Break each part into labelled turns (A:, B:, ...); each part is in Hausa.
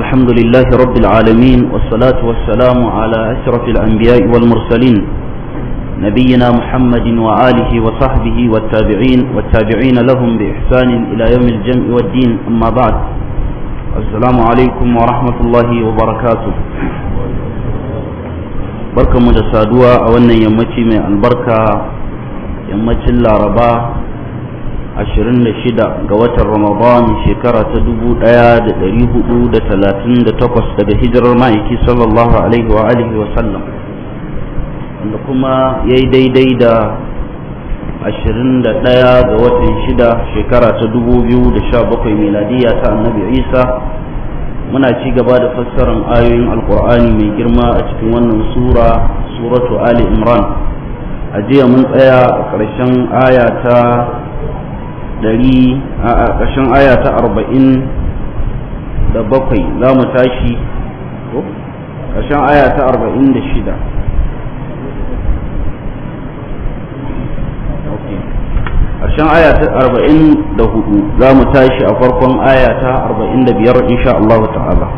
A: الحمد لله رب العالمين والصلاة والسلام على أشرف الأنبياء والمرسلين نبينا محمد وآله وصحبه والتابعين والتابعين لهم بإحسان إلى يوم الجمع والدين أما بعد السلام عليكم ورحمة الله وبركاته بركة مدسادوة أولا يمتي من البركة يمتي الله رباه 26 ga watan Ramadan shekara ta 1438 daga hijirar ma'aiki sallallahu alaihi wa alihi wa sallam wanda kuma ya yi daidai da 21 ga watan 6 shekara ta 2017 miladiya ta annabi Isa muna ci gaba da fassarar ayoyin alkur'ani mai girma a cikin wannan sura suratu Ali Imran a jiya mun tsaya a ƙarshen aya ta ɗari a ƙarshen aya ta arba'in da bakwai za mu tashi ko ƙarshen aya ta arba'in da shida ƙarshen aya ta arba'in da hudu za mu tashi a farkon aya ta arba'in da biyar insha Allah ta'ala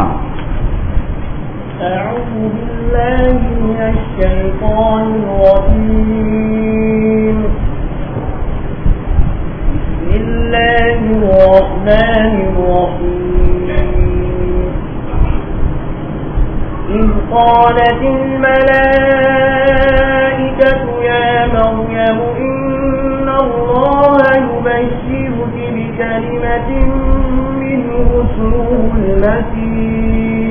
A: na'am
B: بسم الله الرحمن الرحيم إذ قالت الملائكة يا مريم إن الله يبشرك بكلمة منه اسمه المسيح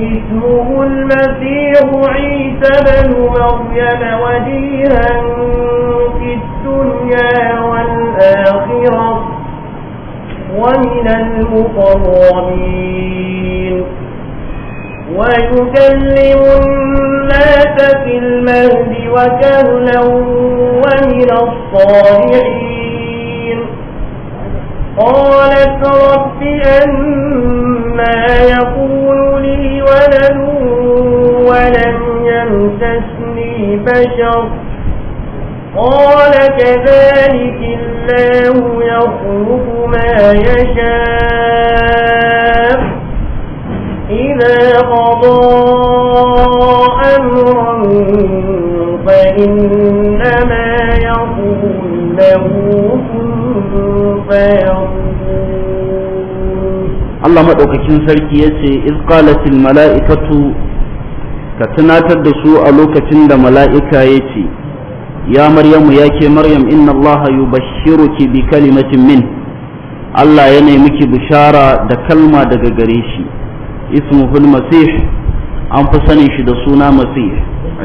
B: اسمه المسيح عيسى بن مريم وجيها في الدنيا والآخرة ومن المقربين ويكلم الناس في المهد وكهلا ومن الصالحين قالت رب أما يقول لم يمسسني بشر قال كذلك الله يخلق ما يشاء إذا قضى أمرا فإنما يقول له فيقول
A: الله ما كن سيكي يسي إذ قالت الملائكة ka tunatar da su a lokacin da mala'ika ya ce ya maryamu ya ke maryam inna bashiru ke bi kalimatin min Allah ya nemi ki bishara da kalma daga gare shi ismuhul masih an fi sanin shi da suna masih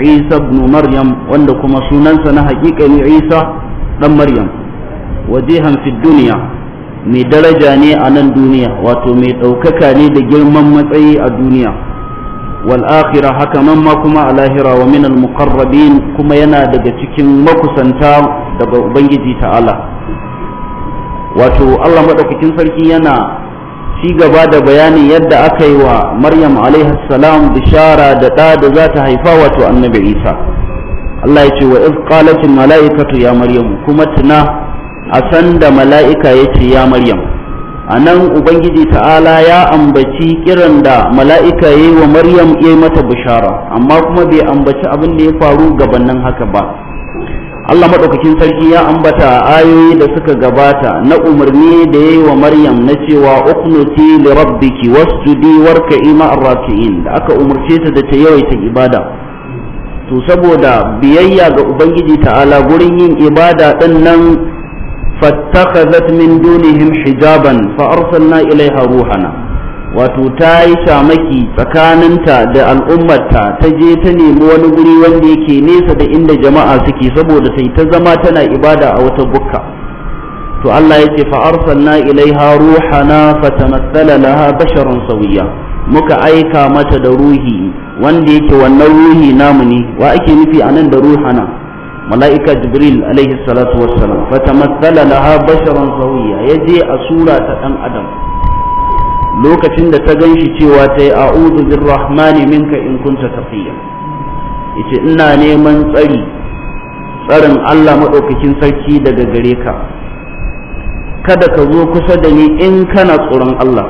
A: isa ibn maryam wanda kuma sunansa na hakika isa dan maryam wajihan fi duniya mai daraja ne a nan duniya wato mai ɗaukaka ne da girman matsayi a duniya والآخرة حكما ما كما الاهرة ومن المقربين كما ينا دقا تكين مكسنتا دقا أبنجي تعالى واتو الله مدقا تنفركي ينا ci gaba da bayani yadda aka yi wa maryam salam bishara da ɗa da za ta haifa wato annabi isa allah ya ce wa iz qalatil mala'ikatu ya kuma tuna a san da mala'ika ya ce ya maryam a nan ubangiji ta'ala ya ambaci kiran da mala'ika ya yi wa maryam ya mata bishara amma kuma bai ambaci abin da ya faru gabanin haka ba allah maɗaukakin sarki ya ambata ayoyi da suka gabata na umarni da ya yi wa maryam na cewa uknuti li rabbiki wasjudi warka ima arraki'in da aka umarce ta da ta yawaita ibada to saboda biyayya ga ubangiji ta'ala gurin yin ibada din nan فاتخذت من دونهم حجابا فأرسلنا إليها روحنا wato ta yi shamaki tsakaninta da al'ummarta ta je ta nemi wani guri wanda yake nesa da inda jama'a suke saboda sai ta zama tana ibada a wata bukka to Allah ya ce fa'arsalna ilaiha ruhana fatamassala laha basharan sauya muka aika mata da ruhi wanda yake wannan ruhi namu ne wa ake nufi anan da ruhana mala'ika jibril alaihi salatu wassalam fatamassala laha basharan sawiya yaje a sura dan adam lokacin da ta ganshi cewa ta yi a'udhu birrahmani minka in kunta taqiya yace ina neman tsari tsarin Allah madaukakin sarki daga gare ka kada ka zo kusa da ni in kana tsoron Allah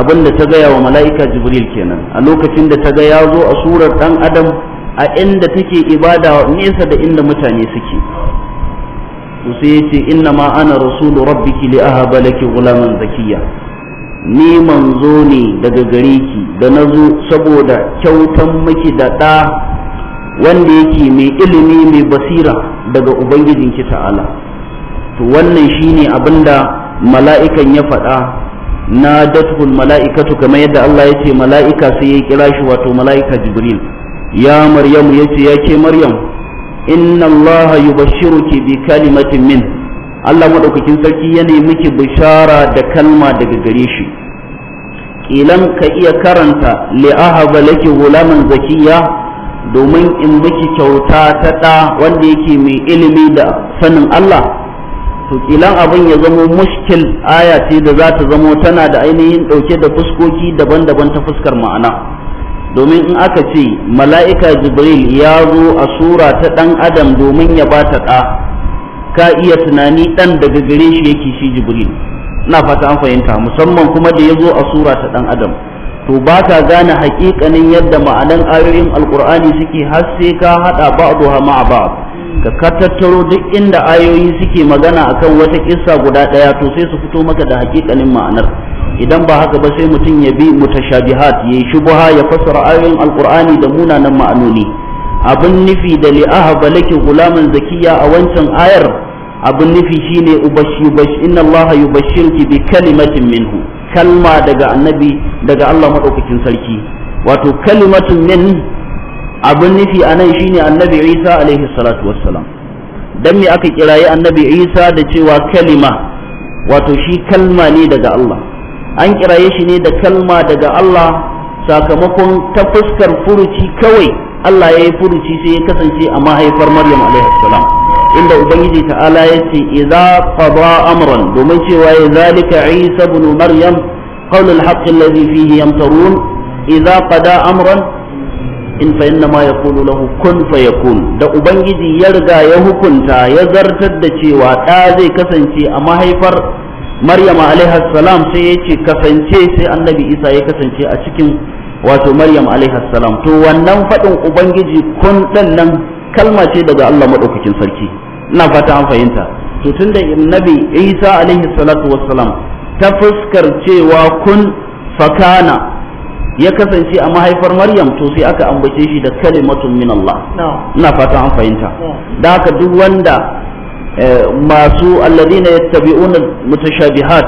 A: abinda ta gaya wa mala'ika jibril kenan a lokacin da ta ga ya zo a surar dan adam a inda take ibada nesa da inda mutane suke to sai ya ce inna ma ana rasulu rabbiki li ahaba laki gulaman zakiya ni manzo ne daga gare ki da nazo saboda kyautan miki da da wanda yake mai ilimi mai basira daga Ubangijin ki ta'ala to wannan shine abinda mala'ikan ya faɗa na datul mala'ikatu kamar yadda Allah ya ce mala'ika sai ya kira shi wato mala'ika jibril ya maryamu yace ya ke maryam inna allaha ke bi kalimatin min Allah madaukakin sarki ya nemi miki bishara da kalma daga gare shi kilan ka iya karanta li ahaba laki gulaman zakiya domin in miki kyauta ta da wanda yake mai ilimi da sanin Allah to kilan abin ya zamo mushkil aya ce da za ta zamo tana da ainihin ɗauke da fuskoki daban-daban ta fuskar ma'ana domin in aka ce mala'ika jibril ya zo a sura ta ɗan adam domin ya ba ta ɗa ka iya tunani ɗan daga gare shi yake shi jibril na fata an fahimta musamman kuma da ya zo a sura ta ɗan adam to ba ka gane haƙiƙanin yadda ma'anan ayoyin alƙur'ani suke har sai ka haɗa a doha ba ka katattaro duk inda ayoyi suke magana akan wata kissa guda ɗaya to sai su fito maka da haƙiƙanin ma'anar idan ba haka ba sai mutum ya bi mutashabihat yayi shubha ya fassara ayoyin alqur'ani da munanan ma'anoni abin nufi da li'ahaba laki gulaman zakiya a wancan ayar abin nufi shine ubashi bash inna Allah yubashshiruki bi kalimatin minhu kalma daga annabi daga Allah madaukakin sarki wato kalimatin min abin nufi anan shine annabi Isa alaihi salatu wassalam dan me aka kirayi annabi Isa da cewa kalima wato shi kalma ne daga Allah an kiraye shi ne da kalma daga Allah sakamakon ta fuskar furuci kawai Allah ya yi furuci sai ya kasance a mahaifar Maryam salam inda ubangiji ta'ala ya ce idza qada amran domin cewa ya zalika Isa ibn Maryam qawl al-haqq alladhi fihi yamtarun idza qada amran in fa inna ma yaqulu lahu kun fayakun da ubangiji ya riga ya hukunta ya zartar da cewa da zai kasance a mahaifar maryam alaiha salam sai yace kasance sai annabi isa ya kasance a cikin wato maryam alaiha salam to wannan faɗin ubangiji kun nan kalma ce daga allah maɗaukakin sarki ina fata an fahimta to tunda annabi isa alaihi salatu wassalam ta fuskar cewa kun fakana ya kasance a mahaifar maryam to sai aka ambace shi da kalimatun min allah ina fata an fahimta da haka duk wanda masu alladina yattabi'una mutashabihat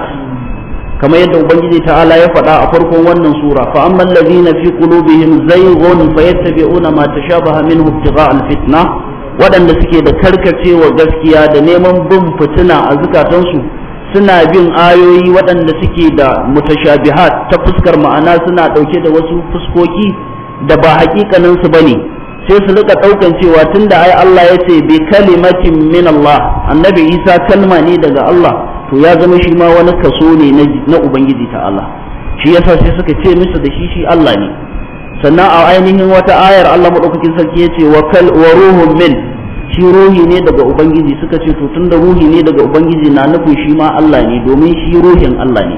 A: kamar yadda ubangiji ta'ala ya faɗa a farkon wannan sura fa amman ladhina fi qulubihim zayghun fayattabi'una ma tashabaha minhu ibtigha' alfitna waɗanda suke da karkacewa gaskiya da neman bin fitina a zukatansu suna bin ayoyi waɗanda suke da mutashabihat ta fuskar ma'ana suna ɗauke da wasu fuskoki da ba haƙiƙanin ba ne sai su rika daukan cewa tunda ai Allah ya ce bi kalimatin min Allah annabi Isa kalma ne daga Allah to ya zama shi ma wani kaso ne na ubangiji ta Allah shi yasa sai suka ce musu da shi shi Allah ne sannan a ainihin wata ayar Allah madaukakin sarki ya ce wa kal wa ruhun min shi ruhi ne daga ubangiji suka ce to tunda ruhi ne daga ubangiji na nufin shi ma Allah ne domin shi ruhin Allah ne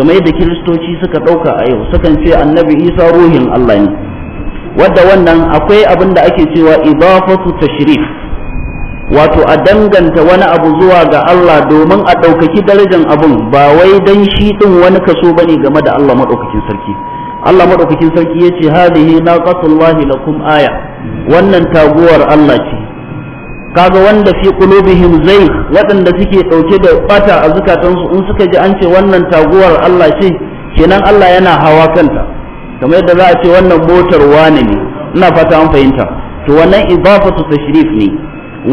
A: kamar yadda kiristoci suka ɗauka a yau sukan ce annabi Isa ruhin Allah ne wadda wannan akwai abin da ake cewa idafatu tashrif wato a danganta wani abu zuwa ga Allah domin a ɗaukaki darajar abun ba wai dan shi ɗin wani kaso bane game da Allah maɗaukakin sarki Allah maɗaukakin sarki ya ce hadihi naqatullahi lakum aya wannan taguwar Allah ce kaga wanda fi qulubihim zai waɗanda suke ɗauke da bata a zukatansu in suka ji an ce wannan taguwar Allah ce kenan Allah yana hawa kanta kamar yadda za a ce wannan motar wane ne ina fata an fahimta to wannan idafatu tashrif ne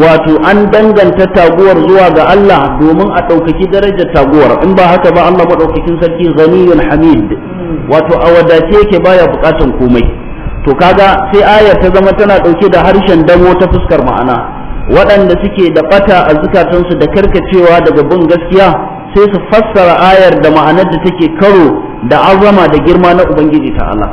A: wato an danganta taguwar zuwa ga Allah domin a ɗaukaki darajar taguwar in ba haka ba Allah maɗaukakin sarki ghaniyun hamid wato a wadace yake baya buƙatan komai to kaga sai ayar ta zama tana ɗauke da harshen damo ta fuskar ma'ana waɗanda suke da ɓata a zukatansu da karkacewa daga bin gaskiya sai su fassara ayar da ma'anar da take karo da azama da girma na ubangiji ta'ala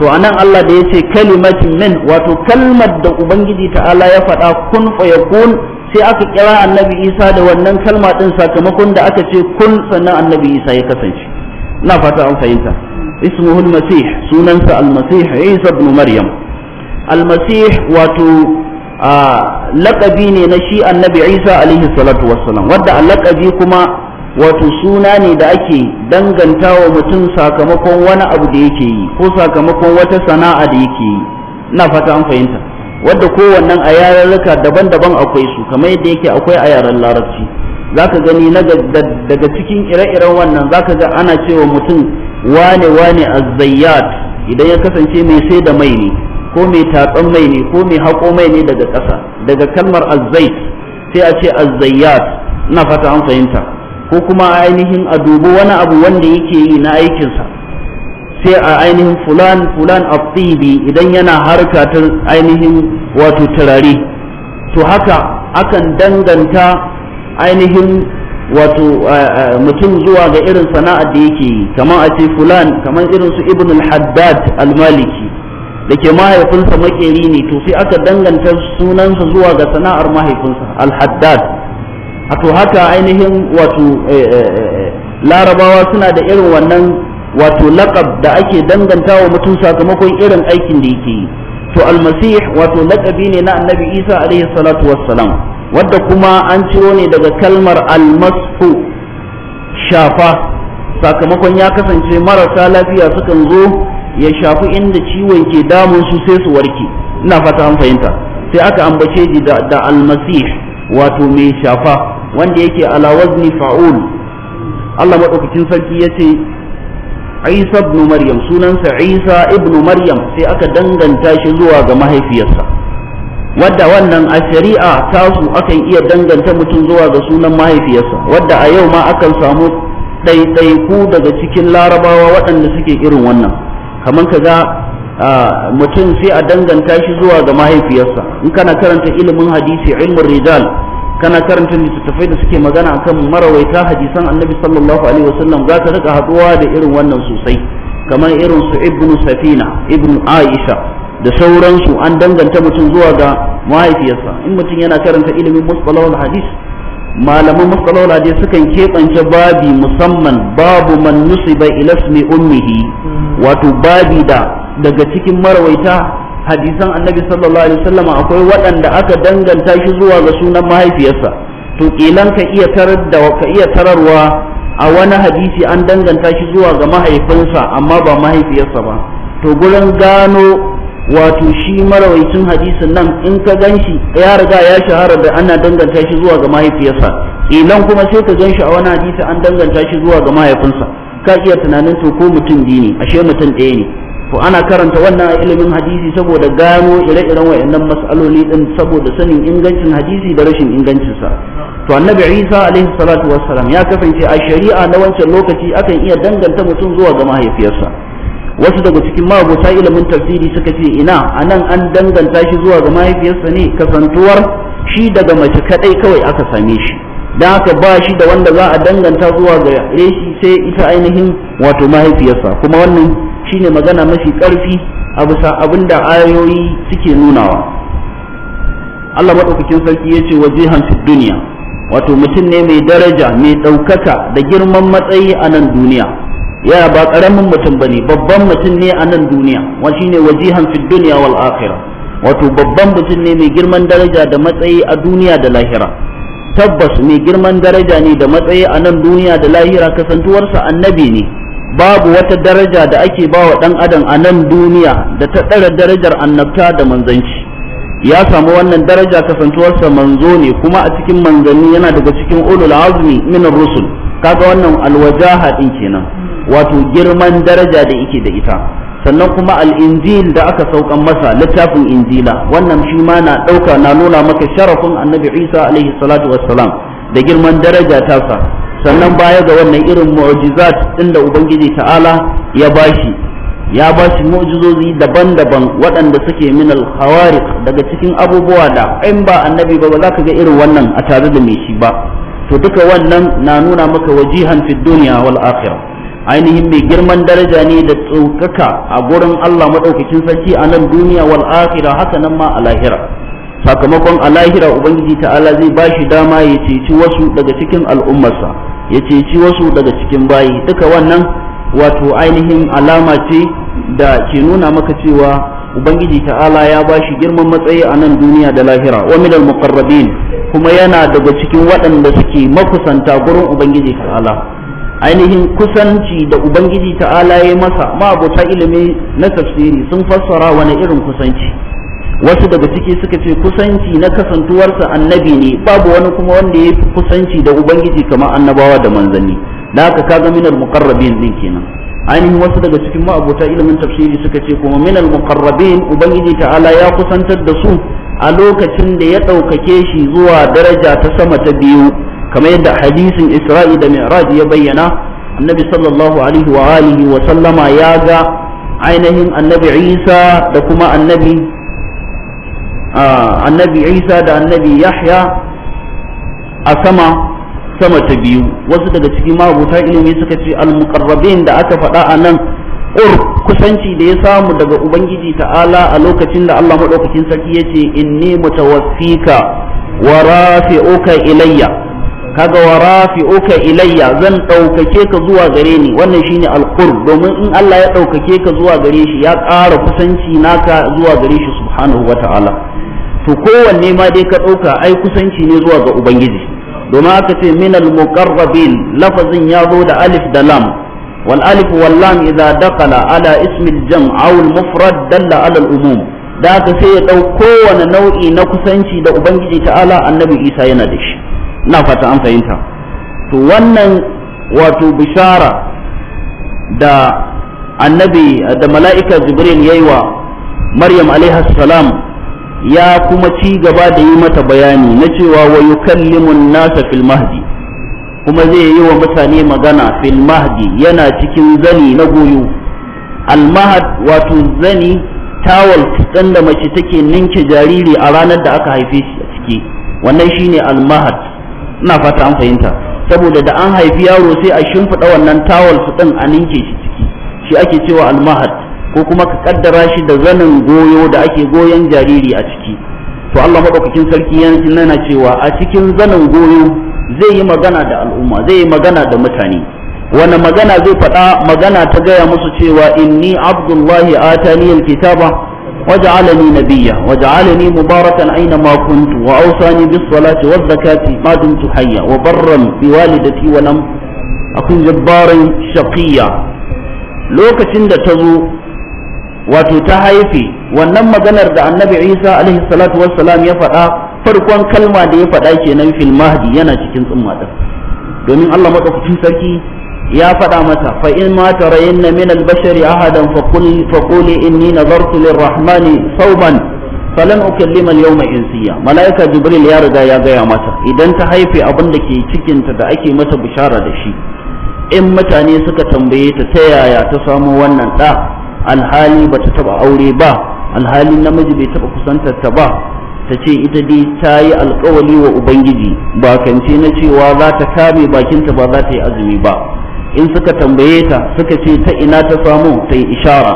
A: to anan Allah da ce kalimatin min wato kalmar da ubangiji ta'ala ya faɗa kun fayakun sai aka kira annabi Isa da wannan kalma din sakamakon da aka ce kun sannan annabi Isa ya kasance na fata an fahimta ismuhu masih sunansa almasih Isa ibn Maryam al wato a laƙabi ne na shi annabi Isa alaihi salatu wassalam wadda a laƙabi kuma wato suna ne da ake wa mutum sakamakon wani abu da yake yi ko sakamakon wata sana'a da yake yi ina fata an fahimta wadda kowannen a yararraka daban-daban akwai su kamar yadda yake akwai a yaren larabci za ka gani daga cikin ire-iren wannan za ka ga ana cewa mutum wane wane azzayyat idan ya kasance mai sai da mai ne ko mai tatsan mai ne ko mai haƙo mai ne daga ƙasa daga kalmar azzait sai a ce azzayyat ina fata an fahimta ko kuma ainihin a dubi wani abu wanda yake yi na aikinsa sai a ainihin fulan fulan aftibi idan yana harka ta ainihin wato turare to haka akan danganta ainihin wato mutum zuwa ga irin sana'ar da yake yi kamar a ce fulan kamar irin su ibn al-haddad al-maliki da ke mahaifinsa makeri ne to sai aka danganta sunansa zuwa ga sana'ar mahaifinsa al-haddad Wato haka ainihin wato eh, eh, eh, larabawa suna da irin wannan wato laƙab da ake danganta wa mutum sakamakon irin aikin da yake yi to almasih wato laƙabi ne na annabi isa alaihi salatu wassalam wadda kuma an ciro ne daga kalmar almasfu shafa sakamakon ya kasance marasa lafiya sukan zo ya shafi inda ciwon ke damun su sai su warke ina fata an fahimta sai aka ambace da almasih wato mai shafa wanda yake ala wazni fa'ul Allah madaukakin sarki yace Isa ibn Maryam sunansa Isa ibn Maryam sai aka danganta shi zuwa ga mahaifiyarsa wadda wannan a shari'a tasu akan iya danganta mutum zuwa ga sunan mahaifiyarsa wadda a yau ma akan samu ɗaiɗaiku daga cikin larabawa waɗanda suke irin wannan kamar ka ga mutum sai a danganta shi zuwa ga mahaifiyarsa in kana karanta ilimin hadisi ilmin rijal kana karanta littattafai da suke magana akan marawaita hadisan annabi sallallahu alaihi wasallam za ka rika haduwa da irin wannan sosai kamar irin su ibnu safina ibnu aisha da sauransu an danganta mutum zuwa ga mahaifiyarsa in mutum yana karanta ilimin mustalahul hadis malaman mustalahul hadis sukan keɓance babi musamman babu man nusiba ila ismi ummihi wato babi da daga cikin marawaita hadisan annabi sallallahu alaihi wasallam akwai waɗanda aka danganta shi zuwa ga sunan mahaifiyarsa to kilan ka iya tarar da ka iya tararwa a wani hadisi an danganta shi zuwa ga mahaifinsa amma ba mahaifiyarsa ba to gurin gano wato shi marawaicin hadisin nan in ka ganshi ya riga ya shahara da ana danganta shi zuwa ga mahaifiyarsa kilan kuma sai ka ganshi a wani hadisi an danganta shi zuwa ga mahaifinsa ka iya tunanin to ko mutum biyu ne ashe mutum ɗaya ne to ana karanta wannan ilimin hadisi saboda gano ire-iren wayannan mas'aloli din saboda sanin ingancin hadisi da rashin ingancin sa to annabi Isa alaihi salatu wassalam ya kasance a shari'a na wancan lokaci akan iya danganta mutum zuwa ga mahaifiyarsa wasu daga cikin mabuta ilimin tafsiri suka ce ina anan an danganta shi zuwa ga mahaifiyarsa ne kasantuwar shi daga mace kadai kawai aka same shi da haka ba shi da wanda za a danganta zuwa ga shi sai ita ainihin wato mahaifiyarsa kuma wannan shine magana mafi karfi a bisa abin da ayoyi suke nunawa Allah maɗaukakin sarki ya ce waje hansu duniya wato mutum ne mai daraja mai ɗaukaka da girman matsayi a nan duniya ya ba ƙaramin mutum bane babban mutum ne a nan duniya wa shine waje hansu duniya wal wato babban mutum ne mai girman daraja da matsayi a duniya da lahira tabbas mai girman daraja ne da matsayi a nan duniya da lahira kasantuwarsa annabi ne babu wata daraja da ake ba wa ɗan adam a nan duniya da ta ɗara darajar annabta da manzanci ya samu wannan daraja kasantuwarsa manzo ne kuma a cikin manzanni yana daga cikin ulul azmi min rusul kaga wannan alwajaha din kenan wato girman daraja da yake da ita sannan kuma al'injil da aka saukan masa littafin injila wannan shi ma na ɗauka na nuna maka sharafin annabi Isa alaihi salatu wassalam da girman daraja tasa sannan baya ga wannan irin mu'jizat din da ubangiji ta'ala ya bashi ya bashi mu'jizozi daban-daban waɗanda suke min al daga cikin abubuwa da in ba annabi ba ba za ka ga irin wannan a tare da mai shi ba to duka wannan na nuna maka wajihan duniya dunya wal akhirah ainihin mai girman daraja ne da tsokaka a gurin Allah madaukakin sarki a nan duniya wal akhira haka nan ma a lahira sakamakon a lahira ubangiji ta'ala zai bashi dama ya ceci wasu daga cikin al'ummarsa ya ceci wasu daga cikin bayi duka wannan wato ainihin alama ce da ke nuna maka cewa ubangiji ta'ala ya bashi girman matsayi a nan duniya da lahira wa minal muqarrabin kuma yana daga cikin waɗanda suke makusanta gurin ubangiji ta'ala ainihin kusanci da ubangiji ta'ala ya masa ma'abota ilimi na tafsiri sun fassara wani irin kusanci wasu daga ciki suka ce kusanci na kasantuwarsa annabi ne babu wani kuma wanda ya fi kusanci da ubangiji kamar annabawa da manzanni da haka kaga minal muqarrabin din kenan ainihin wasu daga cikin ma'abota ilimin tafsiri suka ce kuma minal muqarrabin ubangiji ta'ala ya kusantar da su a lokacin da ya ɗaukake shi zuwa daraja ta sama ta biyu kamar yadda hadisin isra'i da mi'raj ya bayyana annabi sallallahu alaihi wa alihi wa sallama ya ga ainihin annabi isa da kuma annabi annabi isa da annabi yahya a sama sama ta biyu wasu daga cikin mabuta ilimi suka ce al da aka faɗa a nan ur kusanci da ya samu daga ubangiji ta'ala a lokacin da Allah madaukakin sarki ya ce inni mutawaffika wa rafi'uka ilayya kaga wa rafi'uka ilayya zan ɗaukake ka zuwa gare ni wannan shine alqur domin in Allah ya ɗaukake ka zuwa gare shi ya ƙara kusanci naka zuwa gare shi subhanahu wata'ala to kowanne ma dai ka ɗauka ai kusanci ne zuwa ga ubangiji domin aka ce min almuqarrabin lafazin ya zo da alif da lam wal alif wal lam idza dakala ala ismil jam' aw al mufrad dalla ala al umum da aka sai ya ɗau kowane nau'i na kusanci da ubangiji ta'ala annabi isa yana da shi na fata an fahimta to wannan wato bishara da annabi da mala'ika jibril ya yi wa maryam salam ya kuma ci gaba da yi mata bayani na cewa wa yukallimun nasa fil mahdi kuma zai yi wa mutane magana fil mahdi yana cikin zani na goyo almahad wato zani tawal da mace take ninke jariri a ranar da aka haife shi a ciki wannan shine almahad ina fata an fahimta saboda da an haifi yaro sai a shimfiɗa wannan tawul ɗin a ninke shi ciki shi ake cewa almahad ko kuma ka kaddara shi da zanin goyo da ake goyon jariri a ciki to Allah madaukakin sarki yana cewa a cikin zanin goyo zai yi magana da al'umma zai yi magana da mutane wani magana zai faɗa magana ta gaya musu cewa inni abdullahi atani alkitaba واجعلني نبيا واجعلني مباركا اينما كنت واوصاني بالصلاه والزكاه ما دمت حيا وبرا بوالدتي ولم اكن جبارا شقيا لوكشن تزو wato ta haife wannan maganar da annabi isa alaihi ya faɗa farkon kalma da ya faɗa kenan fil yana cikin tsumma domin allah maɗaukacin sarki ya faɗa mata fa in ma tarayinna min al-bashari ahadan fa qul fa quli inni nadartu lir-rahmani sawman falan ukallima al-yawma insiya malaika jibril ya riga ya gaya mata idan ta haife abin da ke cikin ta da ake mata bishara da shi in mutane suka tambaye ta ta yaya ta samu wannan da alhali bata taba aure ba alhali namiji bai taba kusantar ta ba ta ce ita dai ta yi alkawali wa ubangiji ba kance na cewa za ta kame bakinta ba za ta yi azumi ba in suka tambaye ta suka ce ta ina ta samu ta yi ishara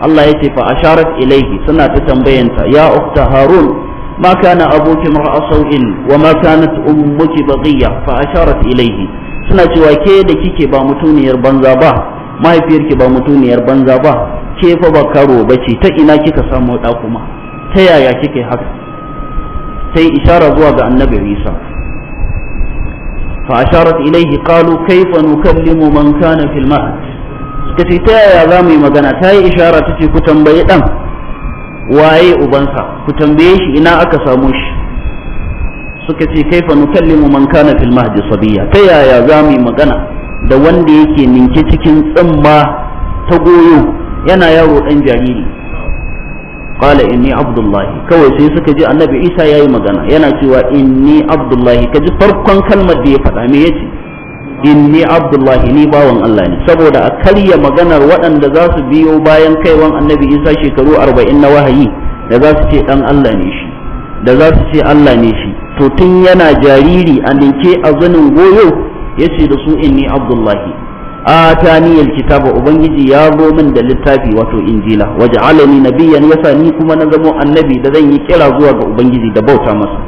A: Allah ya ce fa asharat ilaihi suna ta tambayanta ya ukta harun ma kana abuki mar'a sawin wa ma kanat ummuki baghiya fa asharat ilaihi suna cewa ke da kike ba mutuniyar banza ba mahaifiyarki ba mutuniyar banza ba ke fa ba karo bace ta ina kika samu da kuma ta yaya kike haka sai ishara zuwa ga annabi Isa فأشارت إليه قالوا كيف نكلم من كان في المهد تفتى يا زامي مغانا تاي إشارة تتي كتنبي دم waye ubansa ku tambaye shi ina aka samu shi suka ce kaifa nukallimu man kana filma da sabiya ta yaya za mu magana da wanda yake ninke cikin tsimma ta goyo yana yaro ɗan jariri qala inni abdullahi kawai sai suka ji annabi isa yayi magana yana cewa inni abdullahi kaji farkon kalmar da ya faɗa me yace inni abdullahi ni bawan Allah ne saboda a karya maganar waɗanda za su biyo bayan kaiwan annabi isa shekaru arba'in na wahayi da za su ce ɗan Allah ne shi da za su ce Allah ne shi to tun yana jariri a ninke a zanin goyo ya ce da su inni abdullahi atani kitaba ubangiji ya zo min da littafi wato injila waje waj'alani nabiyyan yasa ni kuma na zamo annabi da zan yi kira zuwa ga ubangiji da bauta masa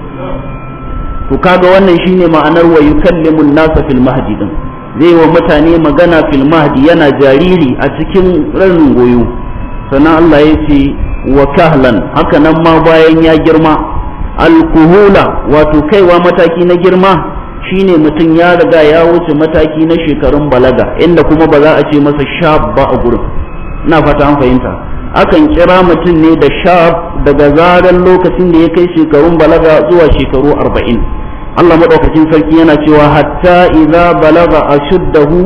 A: to kaga wannan shine ma'anar wa yukallimu an-nasa fil din zai wa mutane magana fil yana jariri a cikin ranin goyo sannan Allah ya ce wa kahlan ma bayan ya girma alkuhula wato kaiwa mataki na girma shine mutum ya riga ya wuce mataki na shekarun balaga inda kuma ba za a ce masa shab ba a gurin na fata an fahimta akan kira mutum ne da shab daga zaren lokacin da ya kai shekarun balaga zuwa shekaru arba'in Allah maɗaukacin sarki yana cewa hatta idza balaga ashuddahu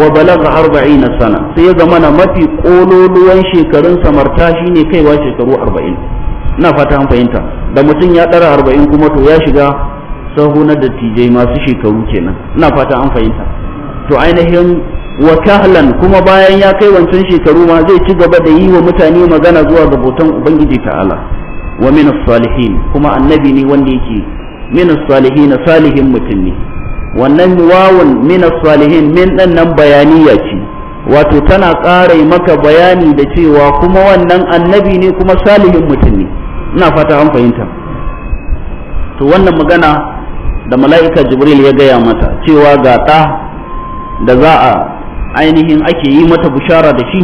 A: wa balaga arba'ina sana sai ya zamana mafi ƙololuwan shekarun samarta shine kaiwa shekaru arba'in na fata an fahimta da mutum ya ɗara arba'in kuma to ya shiga sahu na dattijai masu shekaru kenan ina fata an fahimta to ainihin wa kahlan kuma bayan ya kai wancan shekaru ma zai ci gaba da yi wa mutane magana zuwa ga botan ubangiji ta'ala wa min salihin kuma annabi ne wanda yake min salihin salihin mutum ne wannan wawan min salihin min dan nan bayaniya ce wato tana ƙara maka bayani da cewa kuma wannan annabi ne kuma salihin mutum ne ina fata an fahimta to wannan magana da mala'ika jibril ya gaya mata cewa ga ta da za a ainihin ake yi mata bushara da shi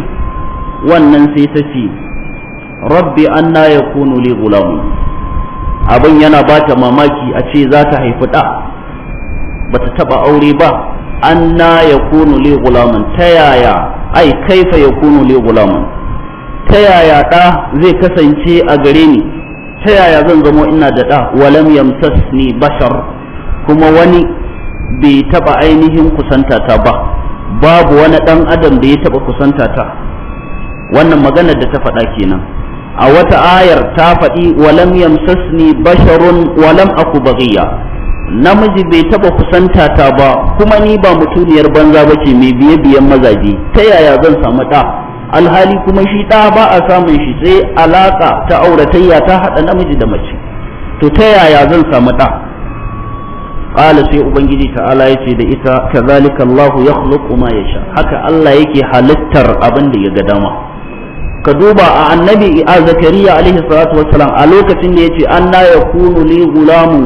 A: wannan sai ta ce rabbi an na ya kunu li gulamu abin yana ba ta mamaki a ce za ta haifi ɗa ba ta taɓa aure ba an na ya kunu li gulamu ta yaya ai kaifa ya kunu li gulamu ta yaya ɗa zai kasance a gare ni ta yaya zan zamo ina da ɗa walam yamsasni bashar kuma wani bai taba ainihin kusanta ta ba babu wani dan adam da ya taba kusanta ta wannan maganar da ta faɗa kenan a wata ayar ta faɗi walam yamsasni basharun walam aku baghiya namiji bai taba kusanta ta ba kuma ni ba mutuniyar banza bace mai biye biyan mazaje ta yaya zan samu da alhali kuma shi ɗa ba a samun shi sai alaƙa ta auratayya ta haɗa namiji da mace to ta yaya zan samu ɗa qala sai ubangiji ta'ala yace da ita kazalika Allah yakhluqu ma yasha haka Allah yake halittar abin da ya ga dama ka duba a annabi a zakariya alaihi salatu wassalam a lokacin da yace anna yakunu li gulamu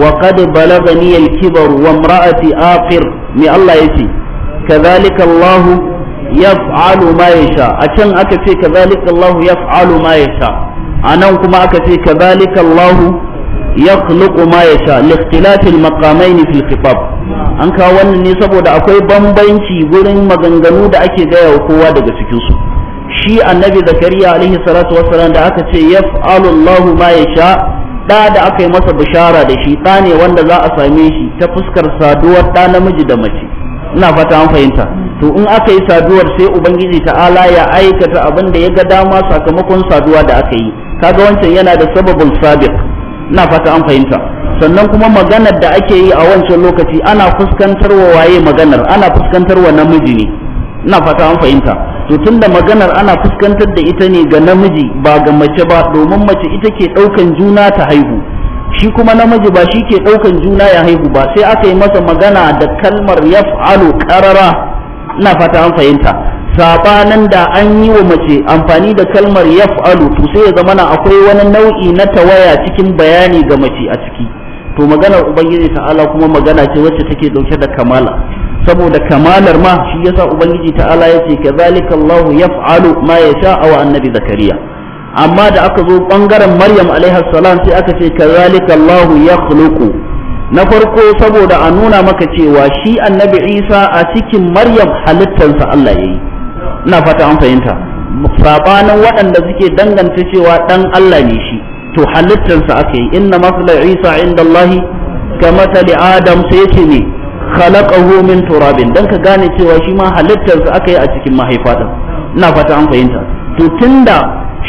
A: wa qad balagani al-kibar wa imra'ati aqir me Allah yace kazalika Allah yaf'alu ma yasha a can aka ce kazalika Allah yaf'alu ma yasha anan kuma aka ce kazalika Allah yakhluqu ma yasha li ikhtilafil maqamain fil khitab an kawo wannan ne saboda akwai bambanci gurin maganganu da ake gaya wa kowa daga cikin su shi annabi zakariya alaihi salatu wassalam da aka ce yaf'alu Allahu ma yasha da da aka yi masa bishara da shi da ne wanda za a same shi ta fuskar saduwar da namiji da mace ina fata an fahimta to in aka yi saduwar sai ubangiji ta'ala ya aikata abin da ya ga dama sakamakon saduwa da aka yi kaga wancan yana da sababul sabiq ina fata an fahimta sannan kuma maganar da ake yi a wancan lokaci ana fuskantar wa waye maganar ana fuskantar wa namiji ne ina fata an fahimta to tunda maganar ana fuskantar da ita ne ga namiji ba ga mace ba domin mace ita ke ɗaukan juna ta haihu shi kuma namiji ba shi ke ɗaukan juna ya haihu ba sai aka yi masa magana da kalmar yaf'alu qarara ina fata an fahimta sabanan da an yi wa mace amfani da kalmar yaf'alu to sai ya zamana akwai wani nau'i na tawaya cikin bayani ga mace a ciki to maganar ubangiji ta'ala kuma magana ce wacce take dauke da kamala saboda kamalar ma shi yasa ubangiji ta'ala ce kazalika Allahu yaf'alu ma yasha wa annabi zakariya amma da aka zo bangaren maryam alaiha salam sai aka ce kazalika Allahu yakhluqu na farko saboda a nuna maka cewa shi annabi isa a cikin maryam halittarsa Allah yayi ina fata an fahimta sabanin waɗanda suke danganta cewa ɗan Allah ne shi to halittarsa aka yi inna masala isa inda Allah ka matali adam sai ce ne khalaqahu min turabin dan ka gane cewa shi ma halittarsa aka yi a cikin mahaifa din ina fata an fahimta to tunda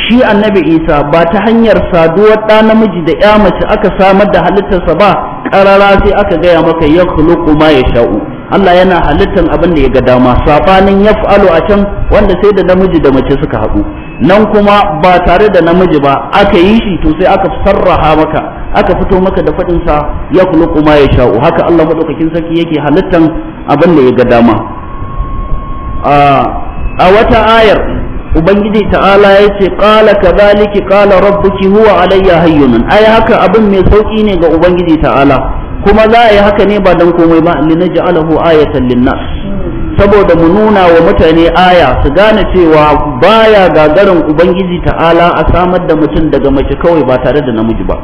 A: shi annabi isa ba ta hanyar saduwar ɗa namiji da ya mace aka samar da halittarsa ba ƙarara sai aka gaya maka ya ma ya sha'u Allah yana halittan abin da ya ga dama sabanin yaf'alu a can wanda sai da namiji da mace suka haɗu nan kuma ba tare da namiji ba aka yi shi to sai aka sarraha maka aka fito maka da faɗin sa ya kuluku kuma ya sha'u haka Allah madaukakin sarki yake halittan abin da ya ga dama a wata ayar ubangiji ta'ala ya ce qala kadhalika qala rabbuki huwa alayya hayyun ai haka abin mai sauki ne ga ubangiji ta'ala kuma za a yi haka ne ba don komai ba linaj'alahu ayatan linnas saboda mu nuna wa mutane aya su gane cewa baya gagarin ubangiji ta'ala a samar da mutum daga mace kawai ba tare da namiji ba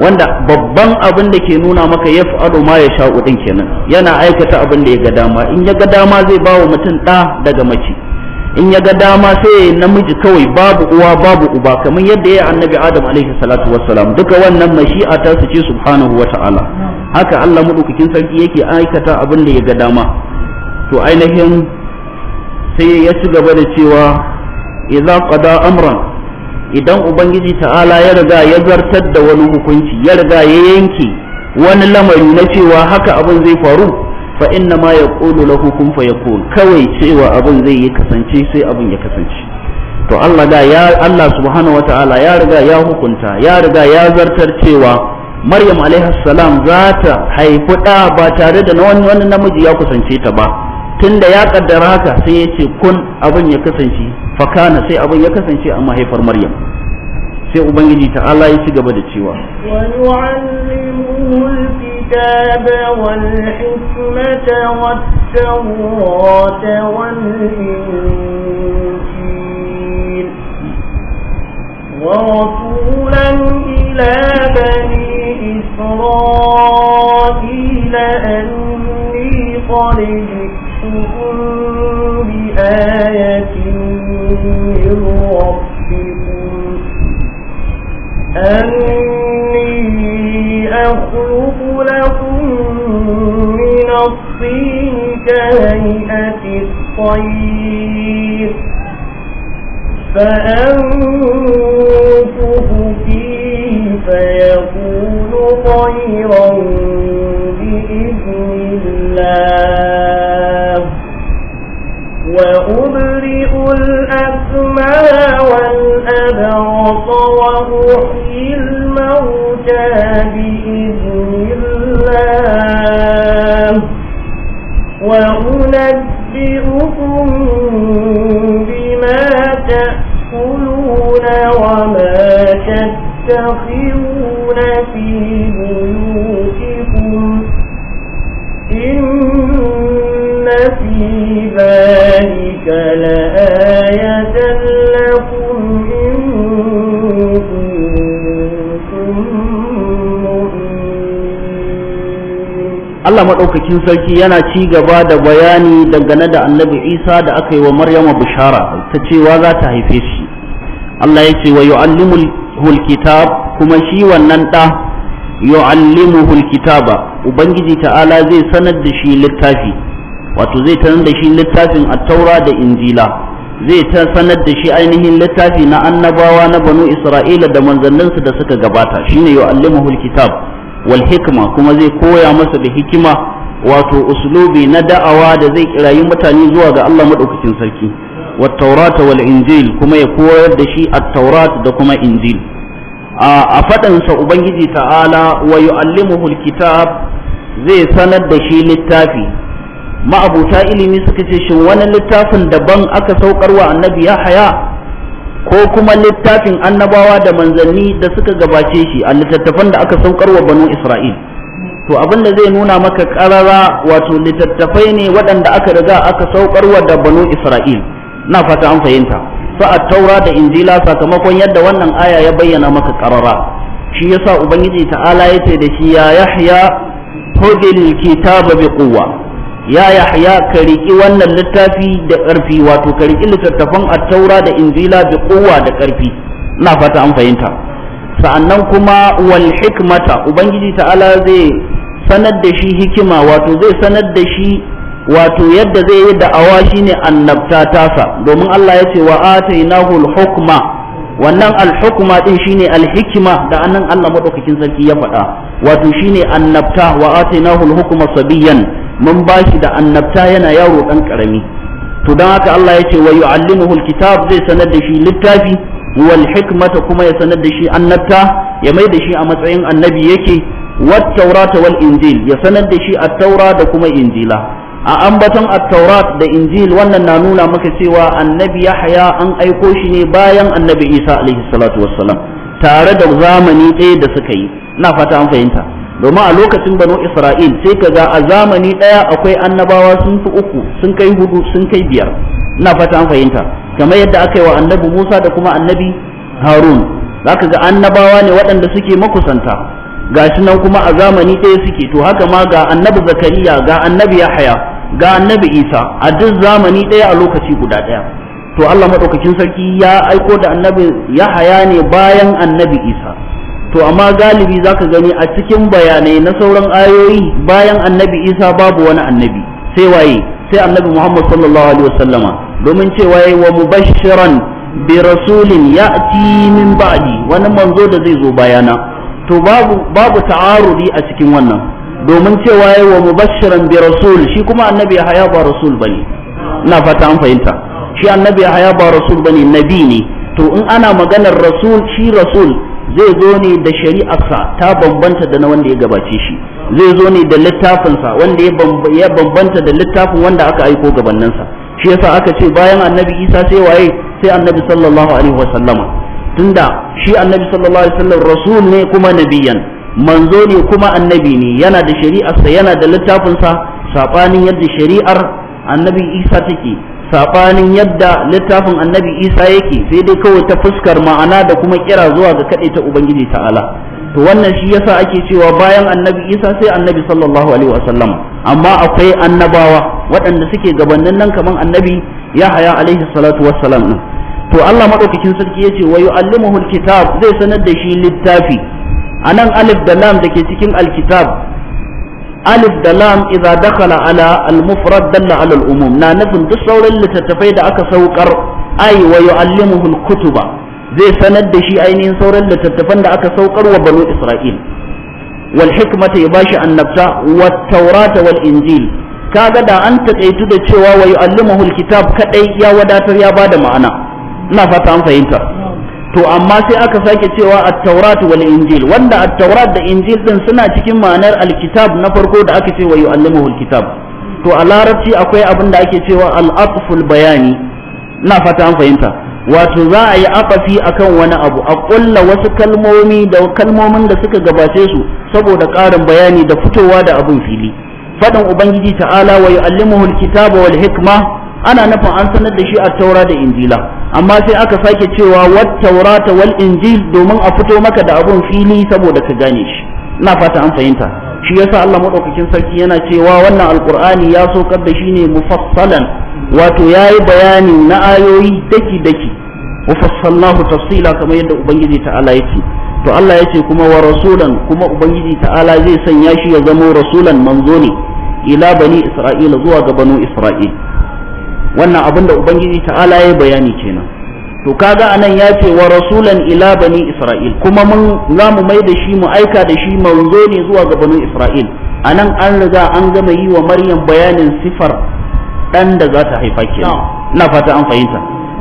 A: wanda babban abin da ke nuna maka ya ado ma ya sha kudin kenan yana aikata abin da ya ga dama in ya ga dama zai ba wa mutum ɗa daga mace in ya ga dama sai namiji kawai babu uwa babu uba kamar yadda ya annabi adam alaihi salatu wassalam duka wannan mashi'a ta su ce subhanahu ta'ala haka Allah madaukakin sarki yake aikata abin da ya ga dama to ainihin sai ya ci gaba da cewa idza qada amran idan ubangiji ta'ala ya riga ya zartar da wani hukunci ya riga ya yanke wani lamari na cewa haka abin zai faru fa inna ma yaqulu lahu kun fayakun kawai cewa abun zai yi kasance sai abun ya kasance to Allah da ya Allah subhanahu wataala ya riga ya hukunta ya riga ya zartar cewa Maryam alaihi salam za ta haifi ɗa ba tare da wani wani namiji ya kusance ta ba tunda ya kaddara haka sai ya ce kun abin ya kasance fakana sai abin ya kasance a mahaifar Maryam sai ubangiji ta Allah ya ci gaba da cewa
B: wa الكتاب والحكمة والتوراة والإنجيل ورسولا إلى بني إسرائيل أني قد جئتكم بآية من ربكم أني أخلق لكم من الصين كهيئة الطير فأنفق فيه فيكون طيرا بإذن الله وأبرئ الأسماء والأبرص وأحيي الموتى بإذن الله وأنبئكم بما تأكلون وما تتخذون في بيوتكم ذلك لآية لكم إن
A: Allah maɗaukakin sarki yana ci gaba da bayani dangane da annabi Isa da aka yi wa Maryama bishara ta cewa za ta haife shi. Allah ya ce wa yu'allimul kitab kuma shi wannan ɗa yu'allimuhul kitaba Ubangiji ta'ala zai sanar da shi littafi. wato zai tanar da shi littafin attaura da injila zai ta sanar da shi ainihin littafi na annabawa na banu isra'ila da manzanninsu da suka gabata shine yu'allimuhul kitab wal hikma kuma zai koya masa da hikima wato uslubi na da'awa da zai kirayi mutane zuwa ga Allah madaukakin sarki wa taurata wal injil kuma ya koyar da shi at-taurat da kuma injil a faɗansa ubangiji ta'ala wa yu'allimuhul kitab zai sanar da shi littafi ma'abuta ilimi suka ce shin wani littafin daban aka saukarwa annabi ya haya ko kuma littafin annabawa da manzanni da suka gabace shi a littattafan da aka saukarwa banu isra'il to abin da zai nuna maka karara wato littattafai ne waɗanda aka riga aka saukarwa da banu isra'il na fata an fahimta su a taura da injila sakamakon yadda wannan aya ya bayyana maka karara shi yasa ubangiji ta'ala ya ce da shi ya yahya hudil kitaba bi quwwa ya yahya ka riƙi wannan littafi da ƙarfi wato ka riƙi littattafan attaura da injila da kowa da ƙarfi na fata an fahimta sa'annan kuma wal hikmata ubangiji ta'ala zai sanar da shi hikima wato zai sanar da shi wato yadda zai yi da'awa shine annabta tasa domin Allah ya ce wa atainahu hukma wannan al-hukma din shine al-hikma da annan Allah madaukakin sarki ya faɗa wato shine annabta wa atainahu al-hukma sabiyan mun ba shi da annabta yana yaro dan karami to don haka Allah ya ce wa yu'allimuhu alkitab zai sanar da shi littafi wal hikmata kuma ya sanar da shi annabta ya mai da shi a matsayin annabi yake wat taurata wal injil ya sanar da shi at-taura da kuma injila a ambaton at-taurat da injil wannan na nuna maka cewa annabi yahya an aiko shi ne bayan annabi isa alaihi salatu wassalam tare da zamani ɗaya da suka yi na fata an fahimta domin a lokacin banu isra'il sai ka ga a zamani ɗaya akwai annabawa sun fi uku sun kai hudu sun kai biyar ina fata an fahimta kamar yadda aka yi wa annabi musa da kuma annabi harun za ka ga annabawa ne waɗanda suke makusanta ga shi nan kuma a zamani ɗaya suke to haka ma ga annabi zakariya ga annabi yahaya ga annabi isa a duk zamani ɗaya a lokaci guda ɗaya to allah maɗaukakin sarki ya aiko da annabi yahaya ne bayan annabi isa to amma galibi za ka gani a cikin bayanai na sauran ayoyi bayan annabi isa babu wani annabi sai waye sai annabi muhammad sallallahu alaihi wasallama domin cewa yayi wa mubashiran bi rasulin ya'ti min ba'di wani manzo da zai zo bayana to babu babu ta'arudi a cikin wannan domin cewa yayi wa mubashiran bi rasul shi kuma annabi ya ba rasul bane ina fata an fahimta shi annabi ya ba rasul bane nabi ne to in ana maganar rasul shi rasul zai zo ne da shari'arsa ta bambanta da na wanda ya gabace shi zai zo ne da littafinsa wanda ya bambanta da littafin wanda aka aiko gabaninsa shi yasa aka ce bayan annabi isa sai waye sai annabi sallallahu alaihi wasallama tunda shi annabi sallallahu alaihi wasallam rasul ne kuma nabiyan manzo ne kuma annabi ne yana da shari'arsa yana da littafinsa sabanin yadda shari'ar annabi isa take saɓanin yadda littafin annabi isa yake sai dai kawai ta fuskar ma'ana da kuma kira zuwa ga kaɗai ta ubangiji ta'ala to wannan shi yasa ake cewa bayan annabi isa sai annabi sallallahu alaihi wasallam amma akwai annabawa waɗanda suke gabanin nan kaman annabi yahaya alaihi salatu wassalam din to Allah madaukakin sarki ya ce wa yu'allimuhu alkitab zai sanar da shi littafi anan alif da lam da ke cikin alkitab alif da lam idza dakhala ala al-mufrad dalla ala al-umum na nufin duk sauran littattafai da aka saukar ai wa yu'allimuhu al-kutuba zai sanar da shi ainihin sauran littattafan da aka saukar wa banu isra'il wal hikmata ya bashi annabta wat tawrata wal injil kaga da an takaitu da cewa wa yu'allimuhu al-kitab kadai ya wadatar ya bada ma'ana ina fata an fahimta to amma sai aka sake cewa at-taurat wal injil wanda at-taurat da injil din suna cikin ma'anar al-kitab na farko da aka ce wa yu'allimuhu al-kitab to a larabci akwai abin da ake cewa al-atful bayani na fata an fahimta wato za a yi afafi akan wani abu a ƙulla wasu kalmomi da kalmomin da suka gabace su saboda ƙarin bayani da fitowa da abin fili faɗin ubangiji ta'ala wa yu'allimuhu al-kitaba wal hikma ana nufin an sanar da shi a taura da injila amma sai aka sake cewa wat taurata wal injil domin a fito maka da abun fili saboda ka gane shi ina fata an fahimta shi yasa Allah madaukakin sarki yana cewa wannan alqur'ani ya saukar da shi ne mufassalan wato yayi bayani na ayoyi daki daki mufassalnahu tafsila kamar yadda ubangiji ta'ala yake to Allah yace kuma wa rasulan kuma ubangiji ta'ala zai sanya shi ya zama rasulan manzo ne ila bani isra'ila zuwa ga banu isra'ila wannan abin da ubangiji ta'ala ya bayani kenan to kaga anan ya ce wa rasulan ila bani isra'il kuma mun za mu mai da shi mu aika da shi manzo ne zuwa ga bani isra'il anan an riga an gama yi wa maryam bayanin sifar dan da za ta haifa kenan ina fata an fahimta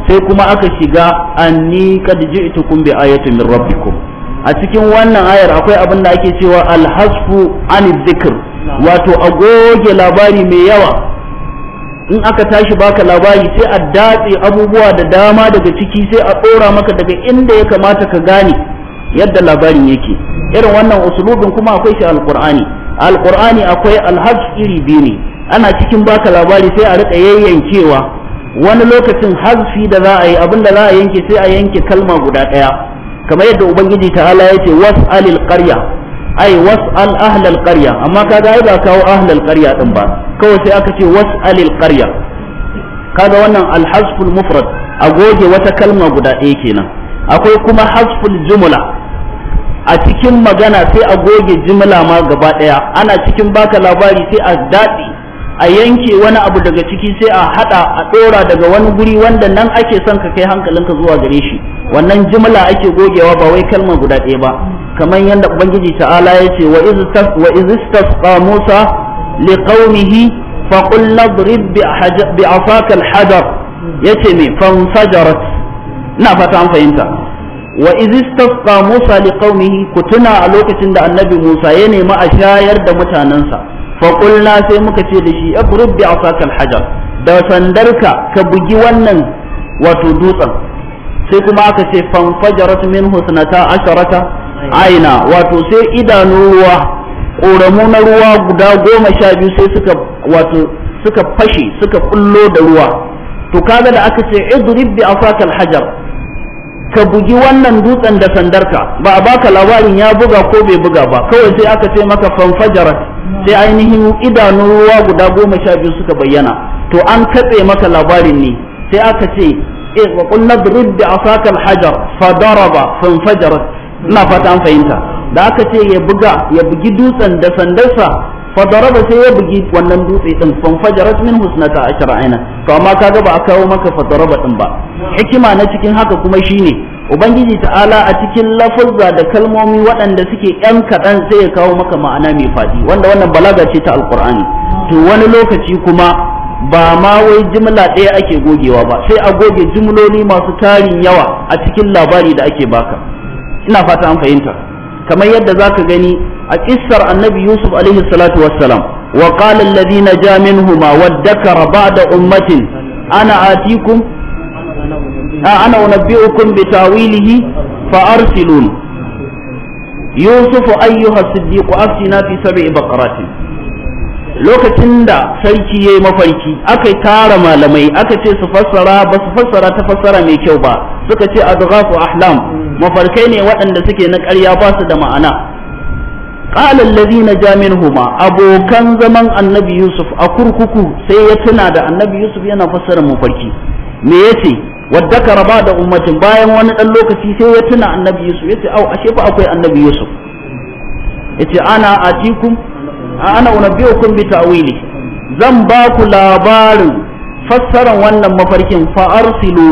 A: sai kuma aka shiga anni kad ji'tukum bi ayatin min rabbikum a cikin wannan ayar akwai abin da ake cewa alhasfu anidh dhikr wato agoge labari mai yawa in aka tashi baka labari sai a datse abubuwa da dama daga ciki sai a ɗora maka daga inda ya kamata ka gane yadda labarin yake irin wannan usulubin kuma akwai shi alqur'ani alqur'ani akwai alhajj iri biyu ne ana cikin baka labari sai a rika yayyankewa wani lokacin hazfi da za a yi abin da za a yanke sai a yanke kalma guda ɗaya kamar yadda ubangiji ta'ala ya ce alil qarya ai was'al ahlal qarya amma kaga ai ba kawo ahlal qarya din ba kawai sai aka ce was'alil qarya kaga wannan alhasful mufrad a goge wata kalma guda ɗaya kenan akwai kuma hasful jumla a cikin magana sai a goge jumla ma gaba ɗaya ana cikin baka labari sai a daɗi a yanke wani abu daga ciki sai a haɗa a ɗora daga wani guri wanda nan ake son ka kai hankalinka zuwa gare shi wannan jumla ake gogewa ba wai kalma guda ɗaya ba kamar yadda ubangiji ta'ala ya ce wa istasqa musa li qaumihi fa qul bi asaka al hadar yace me fanfajarat na fata an fahimta wa istasqa musa li qaumihi ku a lokacin da annabi musa ya nemi a shayar da mutanansa fa sai muka ce da shi abrib bi da sandarka ka bugi wannan wato dutsen sai kuma aka ce fanfajarat min husnata asharata aina wato sai idanun ruwa ƙoramu na ruwa guda goma sha biyu sai suka wato suka fashe suka kullo da ruwa to kaga da aka ce idrib bi afaka hajar ka bugi wannan dutsen da sandarka ba a baka labarin ya buga ko bai buga ba kawai sai aka ce maka fanfajarat sai ainihin idanu ruwa guda goma sha biyu suka bayyana to an katse maka labarin ne sai aka ce eh, wa qul nadrib bi asaka hajar fadaraba fanfajarat ina fata an fahimta da aka ce ya buga ya bugi dutsen da sandarsa daraba sai ya bugi wannan dutse din fajarat min husnata ashra aina to amma kaga ba a kawo maka daraba din ba hikima na cikin haka kuma shine ubangiji ta'ala a cikin lafazza da kalmomi waɗanda suke yan kaɗan sai ya kawo maka ma'ana mai faɗi wanda wannan balaga ce ta alqur'ani to wani lokaci kuma ba ma wai jimla ɗaya ake gogewa ba sai a goge jimloli masu tarin yawa a cikin labari da ake baka ina fata an fahimta kamar yadda za ka gani a kissar annabi yusuf alaihi salatu wassalam wa qala alladhi naja minhuma ba'da ummatin ana atikum ana unabbi'ukum bitawilihi fa arsilun yusuf ayyuha siddiq aftina fi sab'i baqaratin lokacin da sarki ya yi mafarki aka tara malamai aka ce su fassara ba su fassara ta fassara mai kyau ba suka ce adghafu ahlam mafarkai ne waɗanda suke na ƙarya ba su da ma'ana qala allazina huma abokan zaman annabi yusuf a kurkuku sai ya tuna da annabi yusuf yana fassara mafarki me ya wadda ka raba da ummatin bayan wani ɗan lokaci sai ya tuna annabi yusuf Ya ce, au ashe fa akwai annabi yusuf Ya ce, ana atikum ana unabbiukum bi ta'wili zan ba ku labarin fassaran wannan mafarkin fa arsilu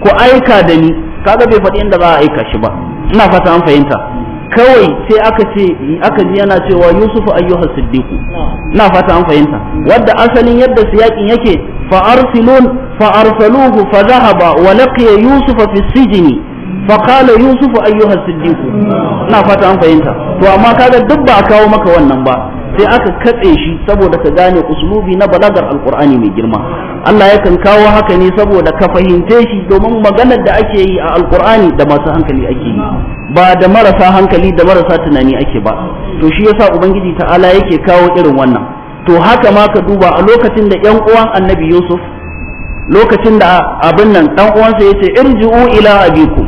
A: ku aika da ni kaga bai faɗi inda za a aika shi ba ina fata an fahimta kawai sai aka ce aka ji yana cewa yusufu ayyuhas siddiqu ina fata an fahimta wadda asalin yadda siyakin yake fa arsilun fa arsaluhu fa dhahaba wa laqiya yusufa fi sijni fa qala yusufu ayyuhas siddiqu ina fata an fahimta to amma kaga duk ba a kawo maka wannan ba sai aka katse shi saboda ka gane uslubi na balagar alqur'ani mai girma Allah yakan kawo haka ne saboda ka fahimce shi domin maganar da ake yi a alqur'ani da masu hankali ake yi ba da marasa hankali da marasa tunani ake ba to shi yasa ubangiji ta'ala yake kawo irin wannan to haka ma ka duba a lokacin da yan uwan annabi yusuf lokacin da abin nan dan uwansa yace irji'u ila abikum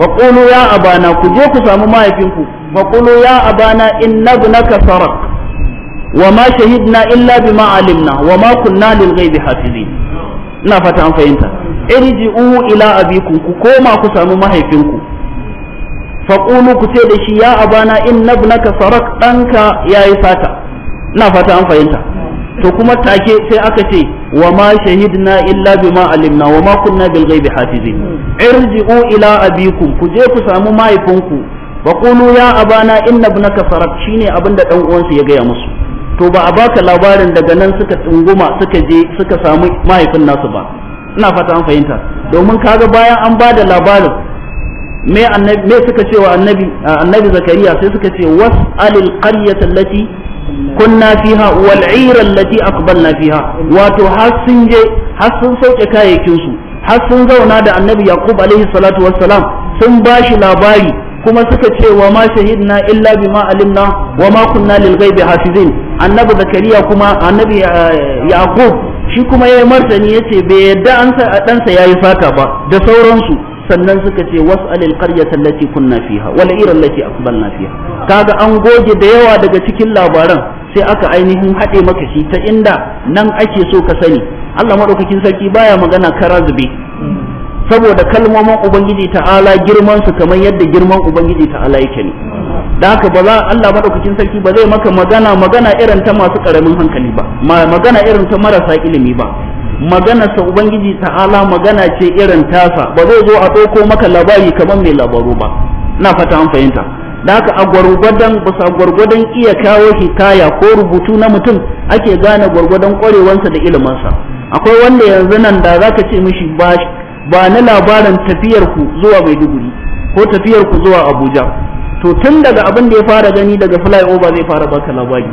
A: fa qulu ya abana ku je ku samu mahaifinku فقولوا يا أبانا إن ابنك سرق وما شهدنا إلا بما علمنا وما كنا للغيب حافظين ina fata an fahimta irji'u ila abikum ku koma ku samu mahaifinku faqulu ku da shi ya abana inna ibnaka sarak danka yayi sata fata an fahimta to kuma take sai aka ce wa ma shahidna illa bima alimna wa ma kunna bil ghaibi hafizin irji'u ila abikum ku je ku samu mahaifinku fa ya abana inna ibnaka sarab shine abinda dan uwansu ya gaya musu to ba a baka labarin daga nan suka tsunguma suka je suka samu mahaifin nasu ba ina fata an fahimta domin kaga bayan an bada labarin me annabi me suka ce wa annabi annabi zakariya sai suka ce alil qaryata allati kunna fiha wal 'ira allati aqbalna fiha wato har sun je har sun sauke kayayyakin su har sun zauna da annabi yaqub alaihi salatu wassalam sun bashi labari kuma suka ce wa ma shahidna illa bima alimna wa ma kunna lil ghaibi hafizin annabi zakariya kuma annabi eh, yaqub shi kuma yayi martani yace bai yadda an sa dan sa yayi saka ba da sauransu sannan suka ce was'alil qaryata allati kunna fiha wal ira allati aqbalna fiha kaga an goge da yawa daga cikin labaran sai aka ainihin haɗe maka shi ta inda nan ake so ka sani Allah madaukakin sarki baya magana karazube saboda kalmomin ubangiji ta'ala girman su kamar yadda girman ubangiji ta'ala yake ne da haka ba za Allah madaukakin sarki ba zai maka magana magana irin ta masu karamin hankali ba magana irin ta marasa ilimi ba magana sa ubangiji ta'ala magana ce irin tasa ba zai zo a ɗauko maka labari kamar mai labaru ba na fata an fahimta da haka a gwargwadon bisa gwargwadon iya kawo hikaya ko rubutu na mutum ake gane gwargwadon kwarewansa da ilimansa akwai wanda yanzu nan da zaka ce mishi ba ba na labarin tafiyarku ku zuwa Maiduguri ko tafiyar zuwa Abuja to tun daga abin da ya fara gani daga flyover zai fara baka labari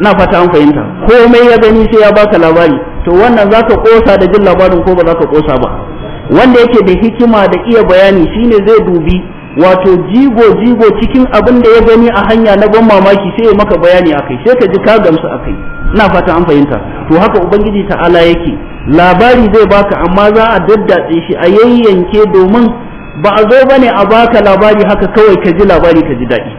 A: na fata an fahimta komai ya gani sai ya baka labari to wannan zaka kosa da jin labarin ko ba ka kosa ba wanda yake da hikima da iya bayani shine zai dubi wato jigo jigo cikin abin da ya gani a hanya na ban mamaki sai ya maka bayani akai sai ka ji ka gamsu akai na fata an fahimta to haka ubangiji ta'ala yake labari zai baka amma za a daddatse shi a yayyanke domin ba a zo bane a baka labari haka kawai ka ji labari ka ji daɗi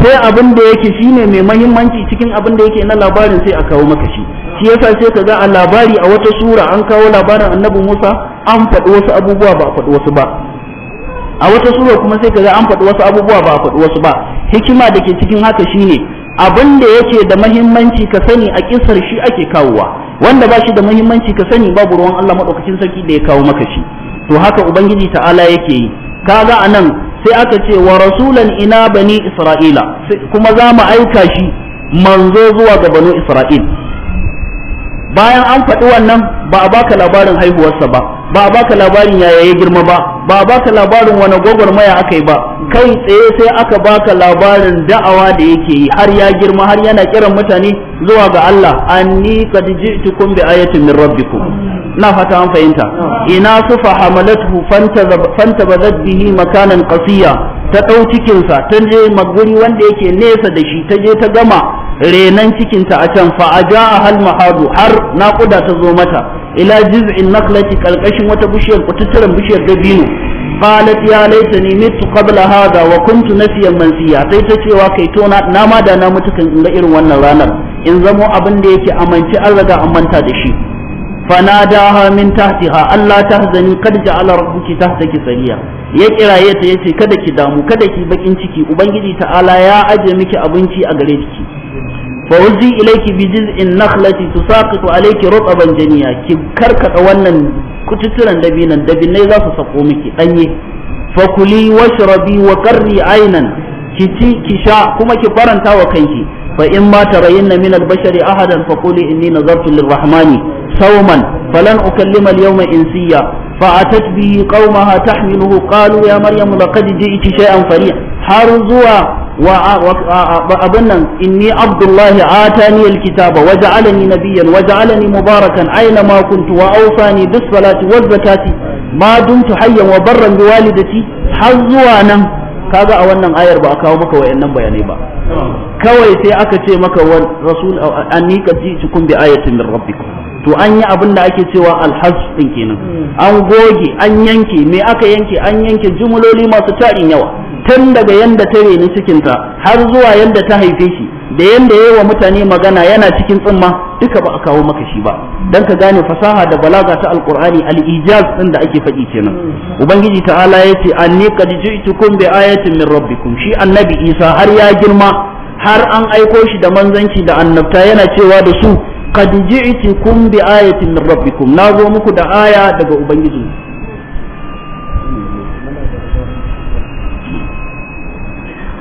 A: sai abin da yake shine mai mahimmanci cikin abin da yake na labarin sai a kawo maka shi shi yasa sai ka ga a labari a wata sura an kawo labarin annabi Musa an faɗi wasu abubuwa ba a faɗi wasu ba a wata sura kuma sai ka ga an faɗi wasu abubuwa ba a faɗi wasu ba hikima da ke cikin haka shine abin da yake da mahimmanci ka sani a kisar shi ake kawowa wanda ba shi da mahimmanci ka sani babu ruwan Allah maɗaukacin sarki da ya kawo maka shi to haka ubangiji ta'ala yake yi kaga anan sai aka ce wa rasulan ina bani isra'ila kuma za mu aika shi manzo zuwa ga Bani isra'il bayan an faɗi wannan ba a baka labarin haihuwarsa ba ba a baka labarin yaya ya girma ba ba a baka labarin wani gwagwarmaya aka yi ba kai tsaye sai aka baka labarin da'awa da yake yi har ya girma har yana kiran mutane zuwa ga Allah anni qad ji'tukum bi ayatin min rabbikum na fata an fahimta ina sufa hamalathu fanta bihi makanan qasiya ta ɗau cikinsa ta je maguri wanda yake nesa da shi ta je ta gama renan cikinta a can fa a hal mahadu har naƙuda ta zo mata ila jiz'in naklati kalkashin wata bishiyar kututturen bishiyar dabino qalat ya laitani mitu qabla hada wa kuntu nasiyan mansiya sai ta cewa kai to na ma da na mutu kan ga irin wannan ranar in zamo abin da yake amince an raga an manta da shi fanadaha min tahtiha Allah tahzani kad ja'ala rabbuki tahtaki sariya ya kiraye ta yace kada ki damu kada ki bakin ciki ubangiji ta'ala ya aje miki abinci a gare ki fa wuzi ilayki bi jiz'in nakhlati tusaqitu alayki rutaban janiya ki karkada wannan kututturan dabinan dabinai za su sako miki danye fakuli washrabi wa qarri aynan ki ci ki sha kuma ki faranta wa kanki fa in ma tarayinna min al-bashari ahadan fa quli inni nazartu lir-rahmani sawman falan ukallima al-yawma insiya fa atat bihi qaumaha tahmiluhu qalu ya maryam laqad ji'ti shay'an fariya har zuwa wa abin nan inni abdullahi atani al-kitaba wa ja'alani nabiyyan wa ja'alani mubarakan aina ma kuntu wa awsani bis-salati waz-zakati ma dumtu hayyan wa barran bi walidati har zuwa nan kaga a wannan ayar ba a kawo maka wayannan bayanai ba kawai sai aka ce maka rasul ci qad kun bi ayatin min rabbikum to an yi abin da ake cewa alhaz din kenan an goge an yanke me aka yanke an yanke jumloli masu tarin yawa tun daga yanda ta reni cikinta har zuwa yanda ta haife shi da yanda yi wa mutane magana yana cikin tsimma duka ba a kawo maka shi ba dan ka gane fasaha da balaga ta alqur'ani alijaz din da ake faɗi kenan ubangiji ta'ala yace anni qad ji'tukum bi ayatin min rabbikum shi annabi isa har ya girma har an aiko shi da manzanci da annabta yana cewa da su qad ji'tukum bi ayatin min rabbikum nazo muku da aya daga ubangiji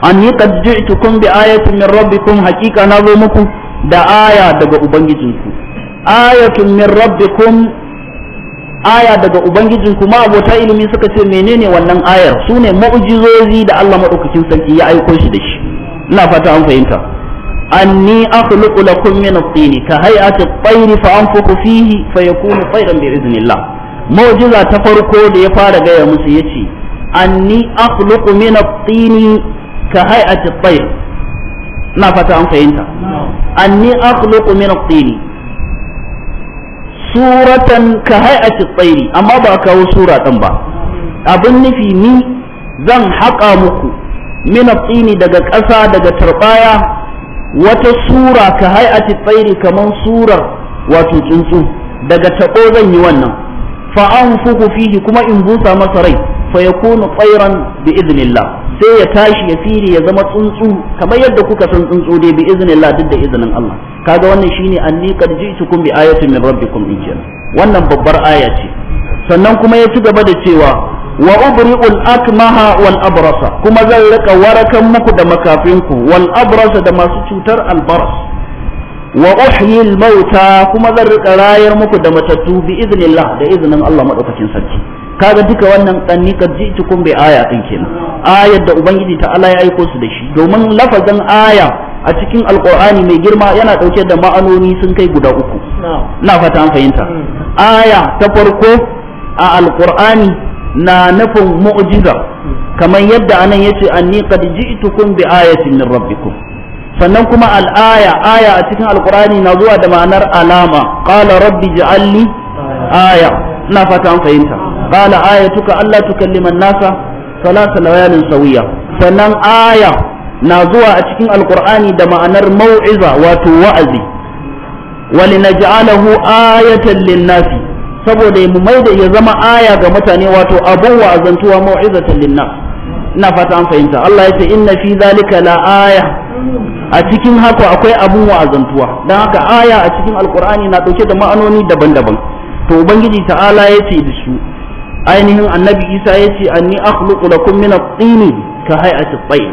A: an yi qad ji'tukum bi ayatin min rabbikum haqiqa na zo muku da aya daga ubangijinku ayatun min rabbikum aya daga ubangijinku ma abota ilimi suka ce menene wannan ayar sune mu'jizozi da Allah madaukakin sarki ya aiko shi da shi ina fata an fahimta anni akhluqu lakum min at-tini ka hay'ati at tayr fa anfukhu fihi fa yakunu tayran bi idhnillah mu'jiza ta farko da ya fara gaya musu yace anni akhluqu min at-tini ka hay'ati at na fata an fahimta anni akhluqu min at suratan ka hay'ati at amma ba kawo sura ba abin nufi ni zan haƙa muku min at daga ƙasa daga tarbaya wata sura ka hay'ati at kaman surar wato tsuntsu daga taɓo zan yi wannan fa anfuku fihi kuma in busa masa rai fa yakunu tsairan bi idnillah sai ya tashi ya fire ya zama tsuntsu kamar yadda kuka san tsuntsu dai bi iznillah duk da izinin Allah kaga wannan shine anni qad ji'tukum bi ayatin min rabbikum injil wannan babbar aya ce sannan kuma ya ci gaba da cewa wa ubri'ul akmaha wal abrasa kuma zan rika warakan muku da makafinku wal abrasa da masu cutar albaras wa uhyil mauta kuma zan rika rayar muku da matattu bi iznillah da izinin Allah madaukakin sarki kaga duka wannan tsanni ji ji'tukum bi aya din kenan ayar da ubangiji ta Allah ya aiko su da shi domin lafazin aya a cikin alqur'ani mai girma yana dauke da ma'anoni sun kai guda uku na fata an fahimta hmm. aya ta farko a alqur'ani na nufin mu'jiza kamar yadda anan yace anni qad ji'tukum bi ayatin min rabbikum sannan kuma al'aya aya a cikin alqur'ani na zuwa da ma'anar alama qala rabbi ji'alni aya ina fata an fahimta Ba qala ayatuka alla tukallima an-nasa salasa layalin sawiya sannan aya na zuwa a cikin alqur'ani da ma'anar mau'iza wato wa'azi walinaj'alahu ayatan lin-nasi saboda mu maida ya zama aya ga mutane wato abun wa'azantuwa mau'izatan lin-nas ina fata an Allah ya ce inna fi zalika la a cikin haka akwai abun wa'azantuwa don haka aya a cikin Alƙur'ani na dauke da ma'anoni daban-daban to ubangiji ta'ala ya ce da su ainihin annabi isa ya ce anni akhluqu lakum min at-tini ka hay'ati at-tayr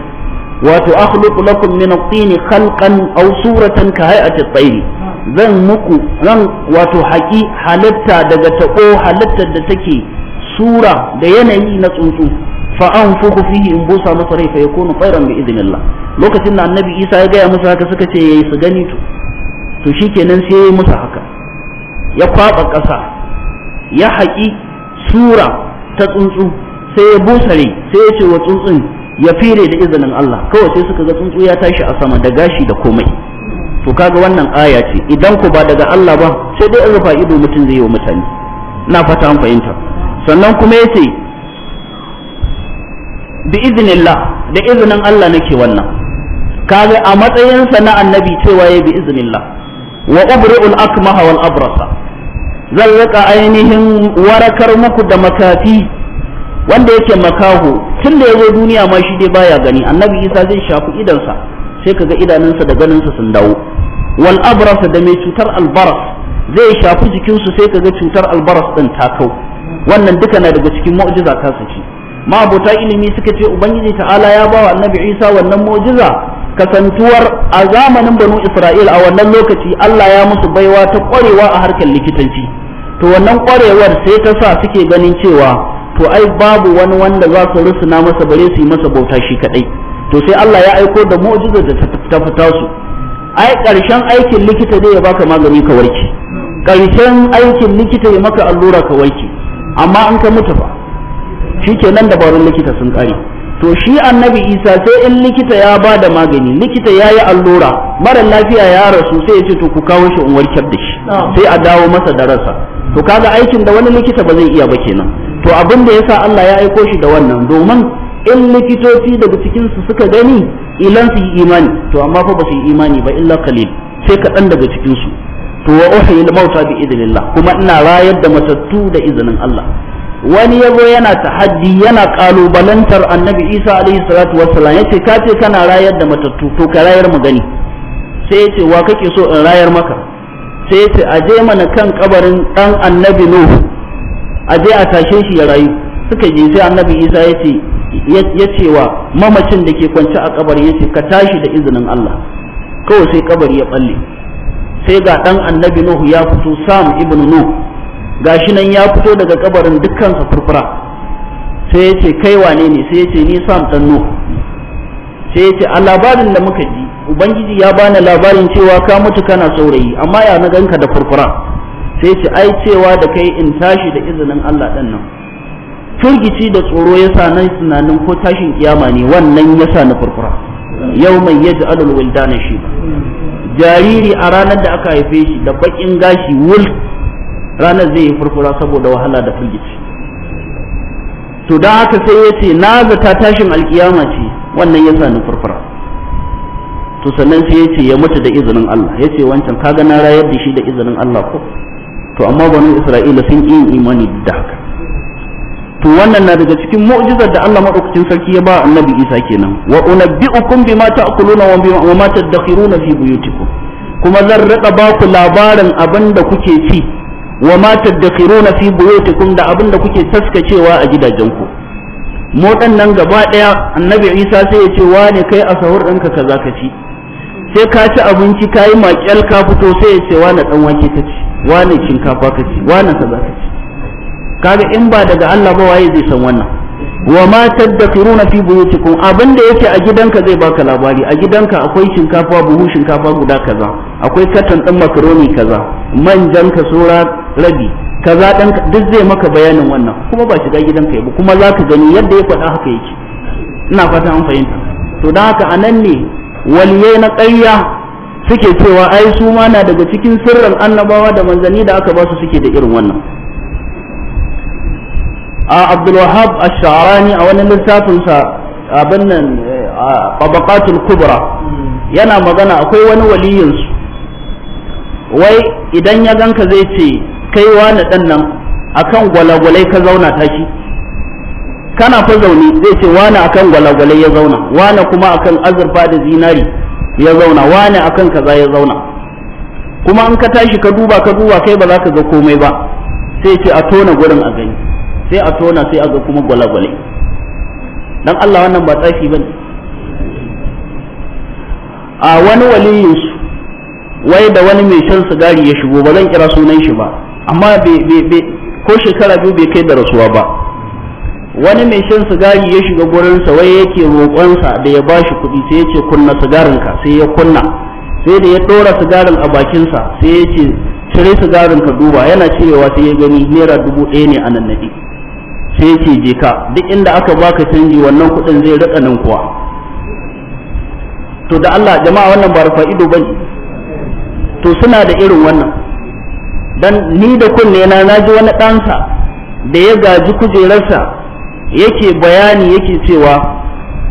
A: wato akhluqu lakum min at-tini khalqan aw suratan ka hay'ati at-tayr zan muku zan wato haƙi halitta daga taɓo halittar da take sura da yanayi na tsuntsu fa anfukhu fihi in busa masa rai fa yakunu tayran bi idnillah lokacin da annabi isa ya gaya musu haka suka ce yayi su gani to to shikenan sai yayi musu haka ya kwaba ƙasa ya haƙi Tura ta tsuntsu sai ya busare sai ya ce wa tsuntsun ya fire da izinin Allah kawai sai suka ga tsuntsu ya tashi a sama da gashi da komai to kaga wannan aya ce idan ku ba daga Allah ba sai dai rufa ido mutum zai yi wa mutane na fata an fahimta sannan kuma yace bi iznillah da izinin Allah nake wannan kaga a matsayinsa na annabi cewa ya bi iznillah wa ubri'ul akmaha wal abrasa zan rika ainihin warakar muku da makafi wanda yake makaho tun da ya zo duniya ma shi dai baya gani annabi isa zai shafi idansa sai kaga idanunsa da ganinsa sun dawo wal abrasa da mai cutar albaras zai shafi jikinsu sai kaga cutar albaras din ta kau wannan duka na daga cikin mu'jiza kansa ce ma'abota ilimi suka ce ubangiji ta'ala ya bawa annabi isa wannan mu'jiza kasantuwar a zamanin banu isra'il a wannan lokaci Allah ya musu baiwa ta ƙwarewa a harkar likitanci to wannan ƙwarewar sai ta sa suke ganin cewa to ai babu wani wanda za su rusuna masa bare su yi masa bauta shi kadai to sai Allah ya aiko da mu'jiza da ta fita su ai ƙarshen aikin likita ne ya baka magani ka warke ƙarshen aikin likita ya maka allura ka warke amma an ka mutu ba shikenan dabarun likita sun kare to shi annabi isa sai in likita ya ba da magani likita ya yi allura mara lafiya ya rasu sai ya ce to ku kawo shi in warkar da shi sai a dawo masa da rasa to kaga aikin da wani likita ba zai iya ba kenan to abin da yasa Allah ya aiko shi da wannan domin in likitoci daga cikin su suka gani ilan su yi imani to amma fa ba su yi imani ba illa kalil sai kaɗan daga cikin su to wa uhyi mauta bi idnillah kuma ina rayar da matattu da izinin Allah wani ya yana tahaddi yana kalubalantar annabi isa alaihi salatu wassalam ya ka ce kana rayar da matattu to ka rayar mu gani sai ya wa kake so in rayar maka sai ya ce a je mana kan kabarin dan annabi nuhu a a tashe shi ya rayu suka je sai annabi isa ya ce wa mamacin da ke kwance a kabari yace ka tashi da izinin Allah kawai sai kabari ya balle sai ga dan annabi nuhu ya fito sam ibnu nuhu gashi nan ya fito daga kabarin dukkansa furfura sai ya ce kai wane ne sai ya ce ni sam dan sai ya ce a labarin da muka ji ubangiji ya bani labarin cewa ka mutu kana saurayi amma ya na ganka da furfura sai ya ce ai cewa da kai in tashi da izinin Allah dan nan firgici da tsoro ya sa nan tunanin ko tashin kiyama ne wannan ya sa na furfura yau mai yadda alul wildana shi jariri a ranar da aka haife shi da bakin gashi wulf ranar zai yi furfura saboda wahala da firgici to don haka sai ya ce na zata tashin alkiyama ce wannan ya sani furfura to sannan sai ya ce ya mutu da izinin Allah ya ce wancan kaga na rayar da shi da izinin Allah ko to amma banu Isra'ila sun yi imani da haka to wannan na daga cikin mu'jizar da Allah madaukakin sarki ya ba annabi Isa kenan wa unabbi'ukum bima ta'kuluna wa ma tadakhiruna fi buyutikum kuma zan riƙa ba ku labarin abin da kuke ci wa ma tadakhiruna fi buyutikum da abin da kuke taskacewa a gidajenku mu nan gaba daya annabi Isa sai ya ce ne kai a sahur ɗinka kaza ka ci sai ka ci abinci ka yi maƙyal ka fito sai ya ce wane ɗan wake ka ci wane shinkafa ka ci na kaza ka ci kaga in ba daga Allah ba waye zai san wannan wa ma tadakhiruna fi buyutikum abin da yake a gidanka zai baka labari a gidanka akwai shinkafa buhu shinkafa guda kaza akwai katan din makaroni kaza manjan ka sura rabi kaza dan duk zai maka bayanin wannan kuma ba shiga gidan kai ba kuma zaka gani yadda ya faɗa haka yake ina fata an fahimta to dan haka anan ne waliyai na ƙarya suke cewa ai su ma na daga cikin sirrin annabawa da manzani da aka ba su suke da irin wannan a Abdul Wahab Ash-Sha'rani a wani littafinsa abin nan eh, tabaqatul kubra yana magana akwai wani waliyin su wai idan ya ganka zai ce kai wani dan nan akan gwalagwalai ka zauna tashi kana fa zaune zai ce wani akan gwalagwalai ya zauna wani kuma akan azurfa da zinari ya zauna wani akan kaza ya zauna kuma in ka tashi ka duba ka duba kai ba za ka ga komai ba sai ce a tona gurin a gani sai a tona sai a ga kuma gwalagwalai dan Allah wannan ba tsafi bane a wani waliyin wai da wani mai shan sigari ya shigo ba zan kira sunan shi ba amma ko shekara biyu bai kai da rasuwa ba wani mai shan sigari ya shiga gurinsa wai yake roƙonsa da ya bashi kuɗi sai ya ce kunna sigarinka sai ya kunna sai da ya ɗora sigarin a bakinsa sai ya ce cire sigarin ka duba yana cirewa sai ya gani naira dubu ɗaya ne a nannaɗi sai ya ce je ka duk inda aka baka canji wannan kuɗin zai riƙa nan kuwa to da Allah jama'a wannan ba rufa ido bane to suna da irin wannan dan ni da kunne na naji wani ɗansa da ya gaji kujerarsa yake bayani yake cewa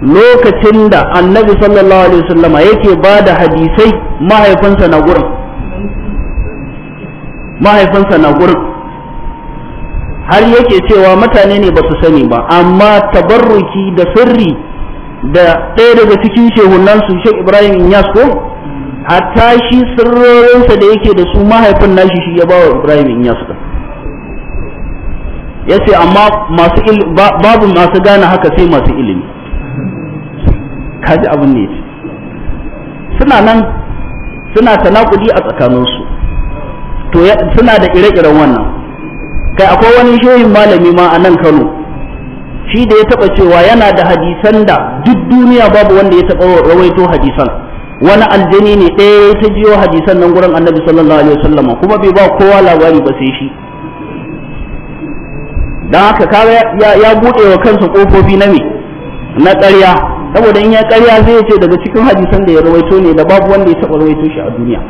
A: lokacin da annabi sallallahu alaihi wasallama yake ba da hadisai mahaifinsa na gurin mahaifinsa na gurin har yake cewa mutane ne ba su sani ba amma tabarruki da sirri da ɗaya daga cikin shehunansu shek ibrahim yasko hatta shi sirrorinsa da yake da su mahaifin nashi shi ya ba wa ibrahim in yasu ya ce amma masu babu masu gane haka sai masu ilimi kaji abin ne suna nan suna tanakudi a tsakaninsu to suna da ire-iren wannan kai akwai wani shoyin malami ma a nan kano shi da ya taba cewa yana da hadisan da duk duniya babu wanda ya taba rawaito hadisan wani aljani ne ɗaya ya ta jiyo hadisan nan gurin annabi sallallahu alaihi wasallam kuma bai ba kowa labari ba sai shi dan haka kaga ya buɗe wa kansa kofofi na me na ƙarya saboda in ya ƙarya zai ce daga cikin hadisan da ya rawaito ne da babu wanda ya taɓa rawaito shi a duniya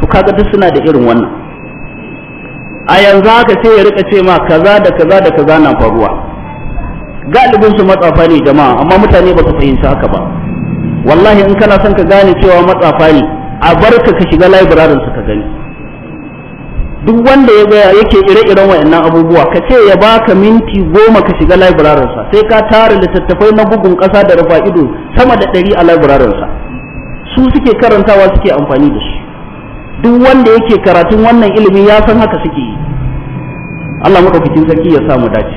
A: to kaga duk suna da irin wannan a yanzu haka sai ya rika ce ma kaza da kaza da kaza na faruwa galibin su matsafa ne jama'a amma mutane ba su fahimci haka ba wallahi in kana son ka gane cewa matsafa ne a barka ka shiga library ka gani duk wanda ya ga yake ire-iren wayannan abubuwa ka ce ya baka minti goma ka shiga library sa sai ka tara littattafai na bugun kasa da rufa ido sama da ɗari a library sa su suke karantawa suke amfani da su duk wanda yake karatun wannan ilimi ya san haka suke yi Allah madaukakin sarki ya samu dace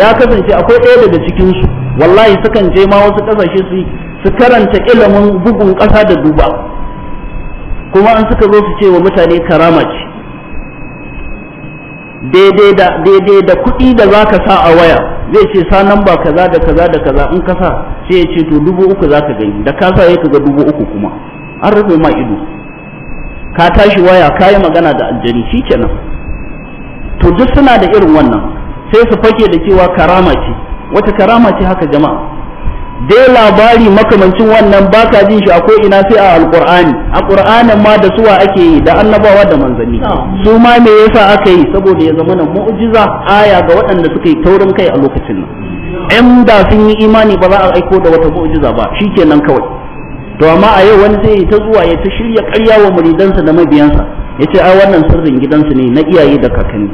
A: ya kasance akwai ɗaya daga cikin su wallahi sukan je ma wasu ƙasashe su su karanta ilimin bugun ƙasa da duba kuma an suka zo su ce wa mutane karama ce daidai da kuɗi da za ka sa a waya zai ce sa nan ba kaza da kaza da kaza in ka sa sai ya ce to dubu uku za ka gani da ka sa ya ka ga dubu uku kuma an rufe ma ido ka tashi waya ka yi magana da aljani shi kenan to duk suna da irin wannan sai su fake da cewa karama ce wata karama ce haka jama'a dai labari makamancin wannan ba ka jin shi akwai ina sai a alqur'ani a qur'anin ma da suwa ake yi da annabawa da manzanni su ma me yasa aka yi saboda ya zama mu'jiza aya ga waɗanda suka yi taurin kai a lokacin nan in da sun yi imani ba za a aiko da wata mu'jiza ba shi shikenan kawai to amma a yau wani zai ta zuwa ya ta shirya ƙarya wa muridansa da mabiyansa ya ce a wannan sirrin gidansu ne na iyaye da kakanni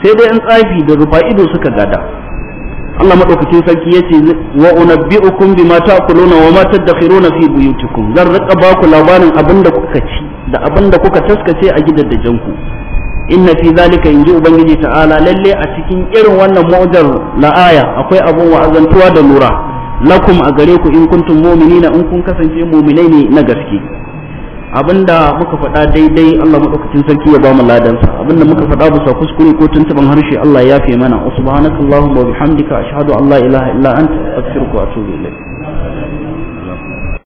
A: sai dai in tsafi da rufa ido suka gada Allah madaukakin sarki yace wa unabbi'ukum bima ta'kuluna wa ma tadakhiruna fi buyutikum zan rika ba labarin abinda kuka ci da abinda kuka taskace a gidajen ku inna fi zalika inji ubangiji ta'ala lalle a cikin irin wannan la la'aya akwai abun wa'azantuwa da lura lakum a gare ku in kuntum mu'minina in kun kasance mu'minai ne na gaske abinda muka faɗa daidai Allah maɗaukacin sarki ya ba mu ladansa abinda muka faɗa bisa kuskure ko tuntuban harshe Allah ya fi mana subhanakallahumma wa bihamdika ashhadu an la ilaha illa anta astaghfiruka wa atubu ilayk